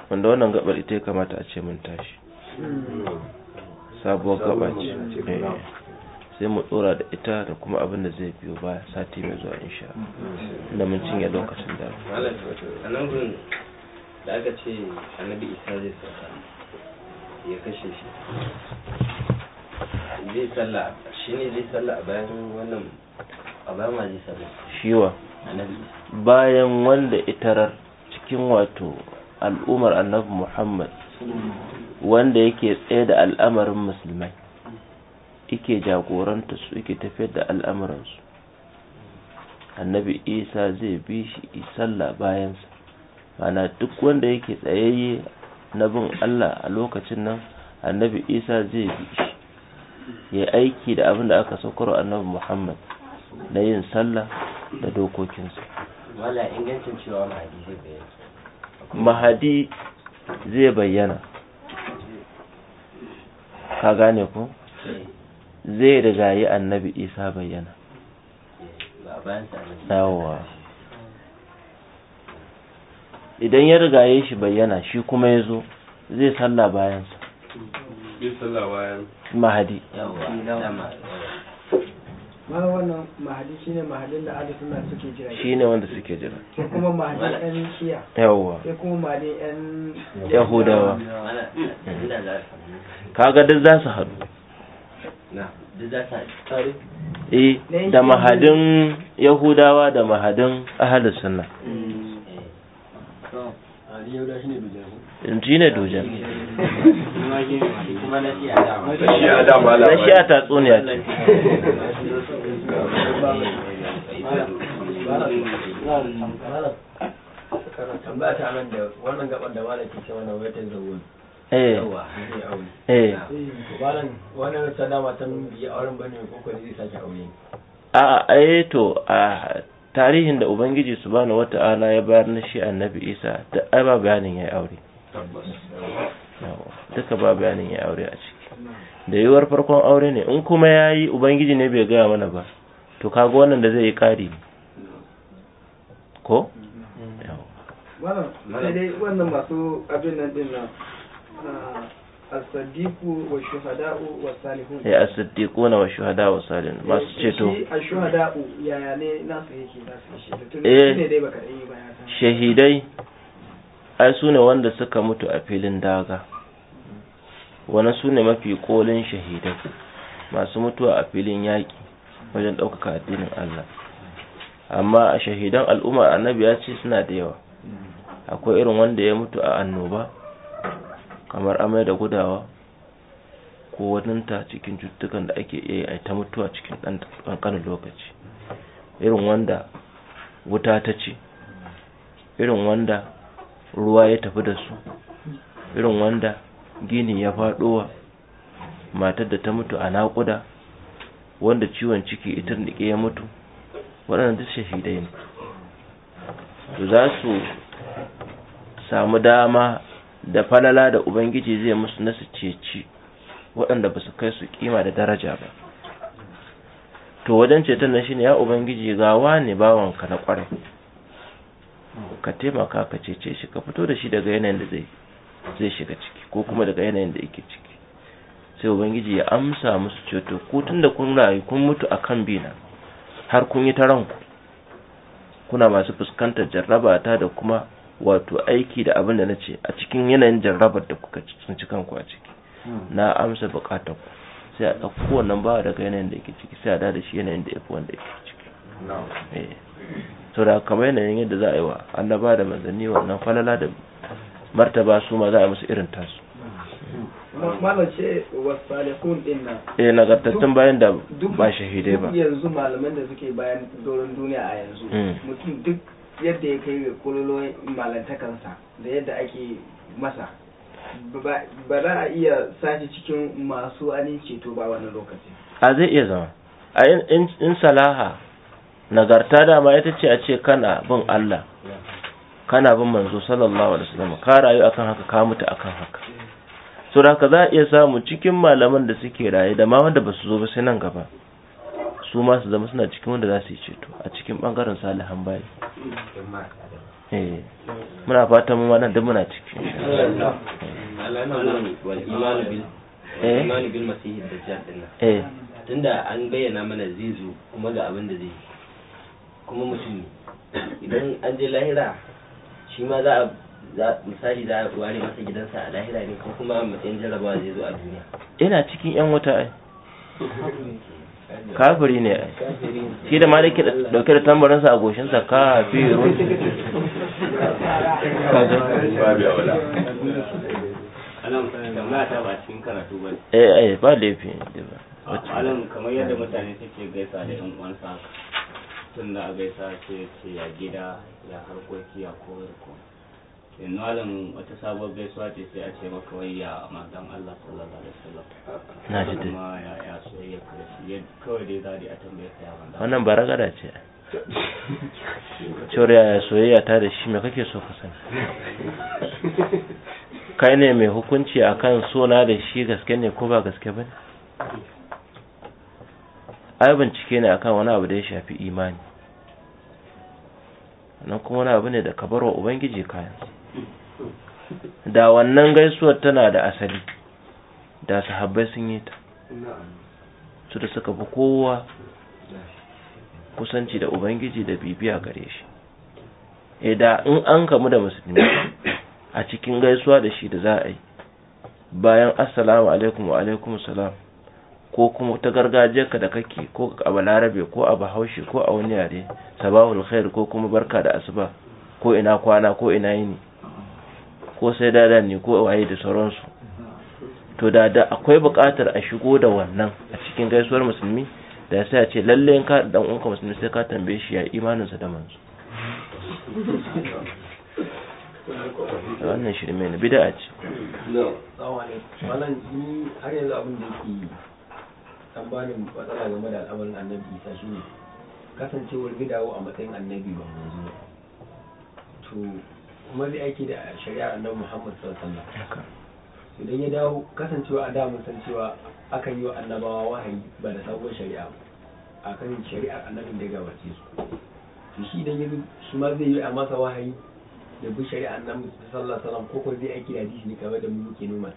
wanda wannan gabar ita ya kamata a ce mun tashi sabuwar gaba ce eh, sai mu tsora da ita da kuma abin da zai biyo ba sati mai zuwa insha da mun cinye lokacin da aka ce annabi isa zai sauka ya kashe shi zai shi ne zai a bayan wannan a bayan ma zai shiwa bayan wanda itarar cikin wato al'umar annabi Muhammad wanda yake tsaye da al'amarin musulmai ike jagoranta su yake tafiyar da al'amuransu annabi isa zai bi shi sallah bayansa mana duk wanda yake tsayayye na bin allah a lokacin nan annabi isa zai bi shi ya aiki da abin da aka saukar annabi muhammad na yin sallah da dokokinsa wala ingancin cewa hadisi da yake mahadi zai bayyana ka gane ku zai yi annabi isa bayyana yawa idan ya riga rigaye shi bayyana shi kuma ya zo zai salla bayansa mahadi mana wannan mahadi shine mahadin da ahli sunna suke jira wanda suke jira kuma mahadin yan shiya yawwa sai kuma mahadin yahudawa duk za su haɗu eh, da mahadin yahudawa da mahadin ahli sunna mm. shi ne na shi a tatsuniya ce ce eh. eh. wannan a eh to a ah, tarihin da ubangiji subhanahu wata'ala ya bayar na shi annabi isa da ba bayanin ya aure duka ba bayanin ya aure a ciki da yiwuwar farkon aure ne in kuma ya yi ubangiji ne bai gaya mana ba to kaga wannan da zai yi ƙari ko? wannan masu abin nan din na ah, as wa shuhada'u wa salihun ya as wa shuhada'u wa salihun masu eh, ceto shi shahidai ai su ne wanda suka mutu a filin daga wani su ne mafi kolin shahidai masu mutuwa a filin yaƙi wajen ɗaukaka addinin Allah amma a shahidan al'umma annabi ya ce suna da yawa akwai irin wanda ya mutu a annoba kamar amai da gudawa ko wadanta cikin cututtukan da ake iya a ta mutuwa cikin ɗan ƙanƙanin lokaci irin wanda wuta ta ce irin wanda ruwa ya tafi da su irin wanda gini ya faɗowa matar da ta mutu a naƙuda wanda ciwon ciki ita niƙe ya mutu waɗanda ta shahidai ne to za su samu dama da falala da ubangiji zai musu nasu ceci waɗanda ba su kai su kima da daraja ba to wajen ceton na shine ya ubangiji gawa ne bawanka na ƙwarai ka taimaka ka cece shi ka fito da shi daga yanayin da zai shiga ciki ko kuma daga yanayin da yake ciki sai ubangiji ya amsa musu ceto ko tun da kun rayu kun mutu a kan bina har kun yi ta ranku kuna masu fuskantar jarrabata da kuma wato aiki da abin da na ce a cikin yanayin jarrabar da kuka tsinci kanku a ciki hmm. na amsa bukatar ku sai a ɗauko wannan ba daga yanayin da yake ciki sai a da da shi yanayin da yafi wanda yake ciki eh. to da kamar yanayin yadda za a yi wa annaba da manzanni wannan falala da martaba su ma za a yi musu irin tasu malace wasalikun din nan eh nagartattun bayan da ba shahidai ba yanzu malaman da suke bayan doron duniya a yanzu hmm. mutum duk yadda ya kai ga kololuwan malantakansa da yadda ake masa ba za a iya sashi cikin masu wani ceto ba wani lokaci a zai iya zama a in salaha nagarta dama ita ce a ce kana bin Allah kana bin manzo sallallahu alaihi wasallam ka rayu akan haka ka mutu akan haka so da ka za a iya samu cikin malaman da suke raye da ma wanda ba su zo ba sai nan gaba su ma su zama suna cikin wanda za su yi ceto a cikin bangaren salihan bayi eh, muna fata mu wannan duk muna ciki eh. eh. imanu bil masihi dajjal din tunda an bayyana mana zai zo kuma ga abin da zai kuma mutum ne idan an je lahira shi ma za a misali za a ware masa gidansa a lahira ne ko kuma matsayin jarabawa zai zo a duniya ina cikin yan wata ai kafiri ne shi da maliki dauke da tambarinsa a goshinsa kafirun eh eh ba laifi alam kamar yadda mutane suke gaisa da yan uwansa tun da a gaisa ce ya gida ya harkoki ya koyar koyar in eh, malam wata sabuwar gaisuwa ce sai a ce maka wai ya manzon Allah sallallahu alaihi wasallam na ji kuma ya ya soyayya kai kawai dai zadi a tambaye ka ya manzon wannan baragada ce cewar ya soyayya ta da shi me kake so ka sani kai ne mai hukunci akan sona da shi gaske ne ko ba gaske bane ai bincike ne akan wani abu da ya shafi imani nan kuma wani abu ne da ka bar wa ubangiji kayansu da wannan gaisuwar tana da asali da sahabbai sun yi ta su da suka fi kowa kusanci da ubangiji da bibiya gare shi eh, da in an kamu da musulmi a cikin gaisuwa da shi da za a yi bayan assalamu alaikum wa alaikum salam ko kuma ta gargajiyarka da kake ko a balarabe ko a bahaushe ko a wani yare sabahul khair ko kuma barka da asuba ko ina kwana ko ina yini ko sai dada ne ko waye da sauransu to da da akwai buƙatar a shigo da wannan a cikin gaisuwar musulmi da sai a ce lalle in ka dan uwanka musulmi sai ka tambaye shi ya imaninsa da manzo wannan shirme ne bid'a ce na'am ni har yanzu abin da yake an bani matsala game da al'amarin annabi isa shi ne. kasancewar gidawo a matsayin annabi ba mu ba to kuma zai aiki da shari'ar annabi muhammad sallallahu alaihi wasallam idan ya dawo kasancewa a damun san cewa akan yi wa annabawa wahayi ba da sabuwar shari'a a kan shari'ar annabin da ya gabace su to shi idan ya shi ma zai yi a masa wahayi da bi shari'ar annabi sallallahu alaihi wasallam ko ko zai aiki da hadisi ne kamar da mu muke noma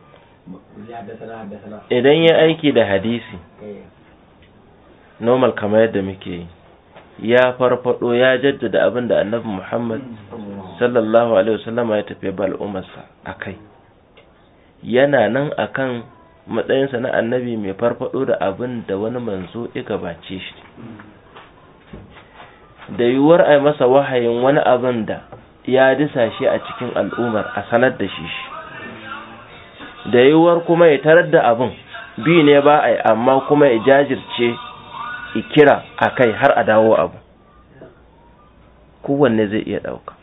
idan ya aiki da hadisi normal kamar yadda muke yi ya farfado ya jaddada abin da annabi muhammad sallallahu alaihi wasallam ya tafi ba al'ummarsa a kai yana nan akan matsayinsa na annabi mai farfado da abin da wani manzo ya gabace shi da yiwuwar a masa wahayin wani abin da ya disa shi a cikin al'ummar a sanar da shi shi da yiwuwar kuma ya tarar da abin bi ne ba a yi amma kuma ya jajirce ikira a kai har a dawo abu kowanne zai iya ɗauka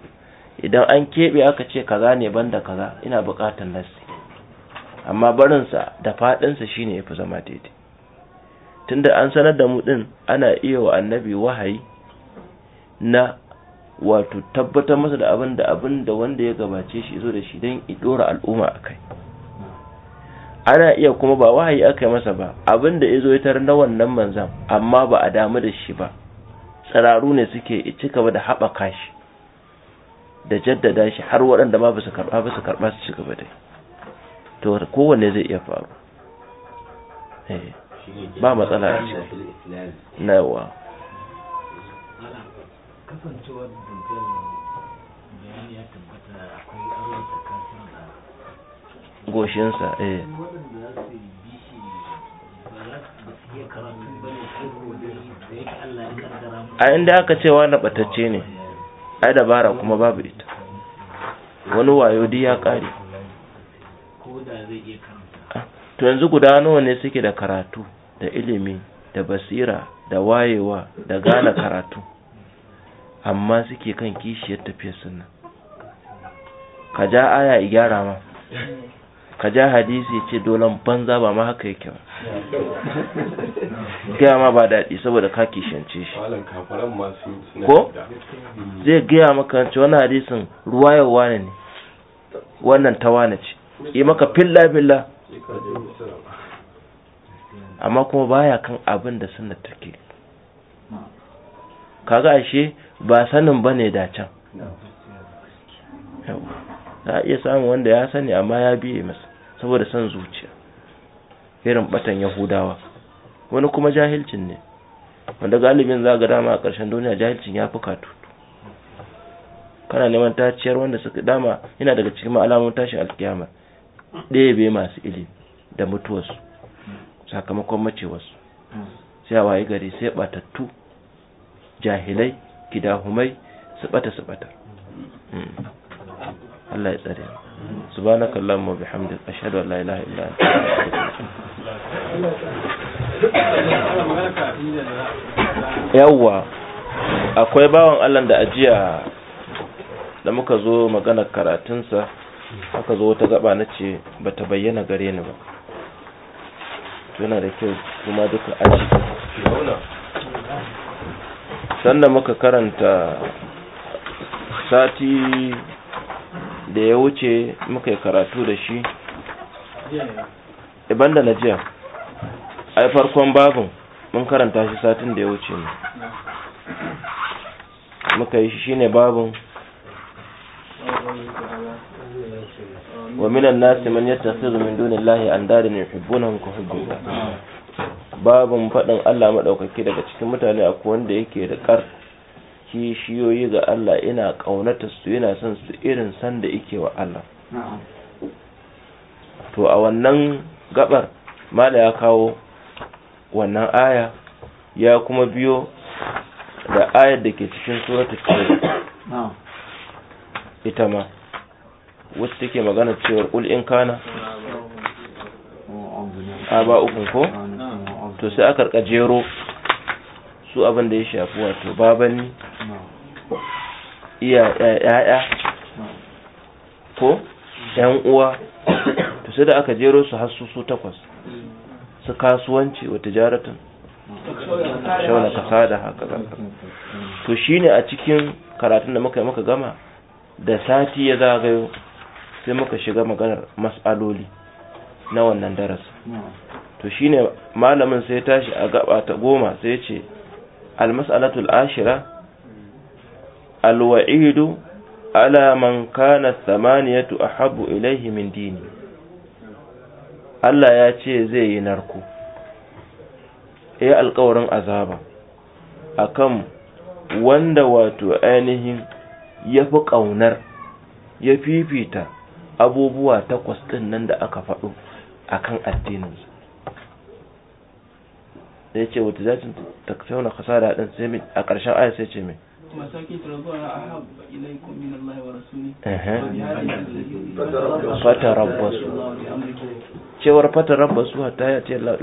idan an keɓe aka ce kaza ne banda kaza ina buƙatar nasi amma barinsa da faɗinsa shine ya fi zama daidai tunda an sanar da muɗin ana iya wa annabi wahayi na wato tabbatar masa da abin da abin da wanda ya gabace shi zo da shi don i ɗora al'umma a kai ana iya kuma ba wahayi aka yi masa ba abin da izo ya na wannan manzan amma ba a damu da shi ba tsararu ne suke ci gaba da haɓaka shi da jaddada shi har waɗanda ma ba su karɓa ba su karɓa su ci gaba dai to kowanne zai iya faru eh, ba matsala a ciki na yawa kasancewar ya tabbata akwai arwata goshinsa eh a inda aka ce wani batacce ne ai dabara kuma babu ita wani wayo ya kare to yanzu guda nawa ne suke da karatu da ilimi da basira da wayewa da gane karatu amma suke kan kishiyar tafiya sunna ka ja aya i gyara ma ka ja hadisi ce dolan banza ba ma haka yake ba gaya ma ba daɗi saboda ka kishance shi ko hmm. zai gaya maka ce wannan hadisin ruwa yau wane ne wannan ta ce yi maka filla filla amma kuma baya kan abin da sunna take kaga ashe ba sanin bane da can za iya samun wanda ya sani amma ya biye masa saboda son zuciya irin batan yahudawa wani kuma jahilcin ne wanda galibin za ga dama a ƙarshen duniya jahilcin ya fi katu kana neman taciyar wanda suka dama yana daga cikin alamun tashin alkiyama bai masu ilimi da mutuwarsu sakamakon macewarsu sai a waye gari sai batattu jahilai kidahumai su bata su bata hmm. Allah ya tsare mu سبحانك اللهم وبحمدك اشهد ان لا اله illa انت يوا akwai bawan Allah da ajiya da muka zo magana karatunsa aka zo wata gaba na ce ba ta bayyana gare ni ba yana da kyau kuma duka aji sannan muka karanta sati da ya wuce muka karatu da shi iban eh, da na jiya ai farkon babin mun karanta shi satin da ya wuce ne muka yi shi shine babin wa minan nasi man yattakhidhu min dunillahi andadan yuhibbunahum ka hubbillah babin fadin Allah maɗaukaki daga cikin mutane akwai wanda yake da ƙarfi kishiyoyi ga Allah ina ƙaunata su yana son su irin sanda da wa Allah to a wannan gabar mala ya kawo wannan aya ya kuma biyo da ayar da ke cikin suratul kafir ita ma wacce take magana cewa kul in kana aba ukun ko to sai aka jero su abin da ya shafi wato babani iya ya'ya ko yan uwa to sai da aka jero su har su takwas su kasuwanci wa tijaratun shauna sada haka to shine a cikin karatun da muka yi muka gama da sati ya zagayo sai muka shiga maganar mas'aloli na wannan darasi to shine malamin sai tashi a gaba ta goma sai ce almas'alatul ashira alwa'idu ala man kana samaniyatu ahabbu ilaihi min dini Allah ya ce zai yi narko ya alkawarin azaba akan wanda wato ainihin ya fi ƙaunar ya fifita abubuwa takwas ɗin nan da aka faɗo akan addininsa sai ce wata zatin ta sauna kasara din sai a ƙarshen aya sai ce mai fata rabbasu cewar fata rabbasu hatta ya ce Allah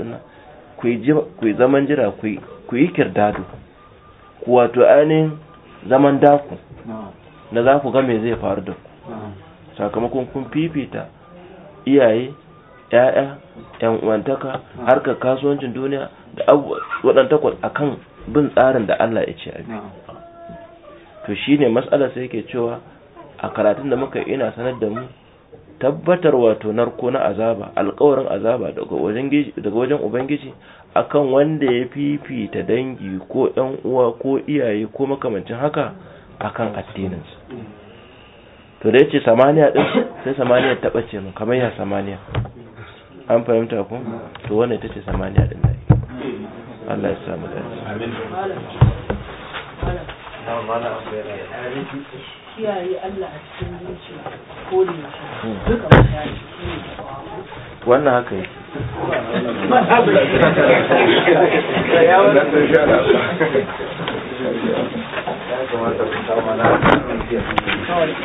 ku yi zaman jira ku yi kirdado ku wato ainihin zaman daku na za ku ga me zai faru da ku sakamakon kun fifita iyaye 'ya'ya yan uwantaka hmm. harkar kasuwancin duniya da waɗanda takwas kan bin tsarin da Allah ya ce abi hmm. to shine matsalar sai yake cewa a karatun da muka ina sanar da mu tabbatar wato narko na azaba alkawarin azaba daga wajen ubangiji akan wanda ya fifita dangi ko yan uwa ko iyaye ko makamancin haka akan addininsa hmm. to da ya ce samaniya din sai samaniya ta bace mu kamar ya samaniya an fahimta ku to wanda ita ce samaniya din nan Allah ya samu dace amin hmm. wannan haka yi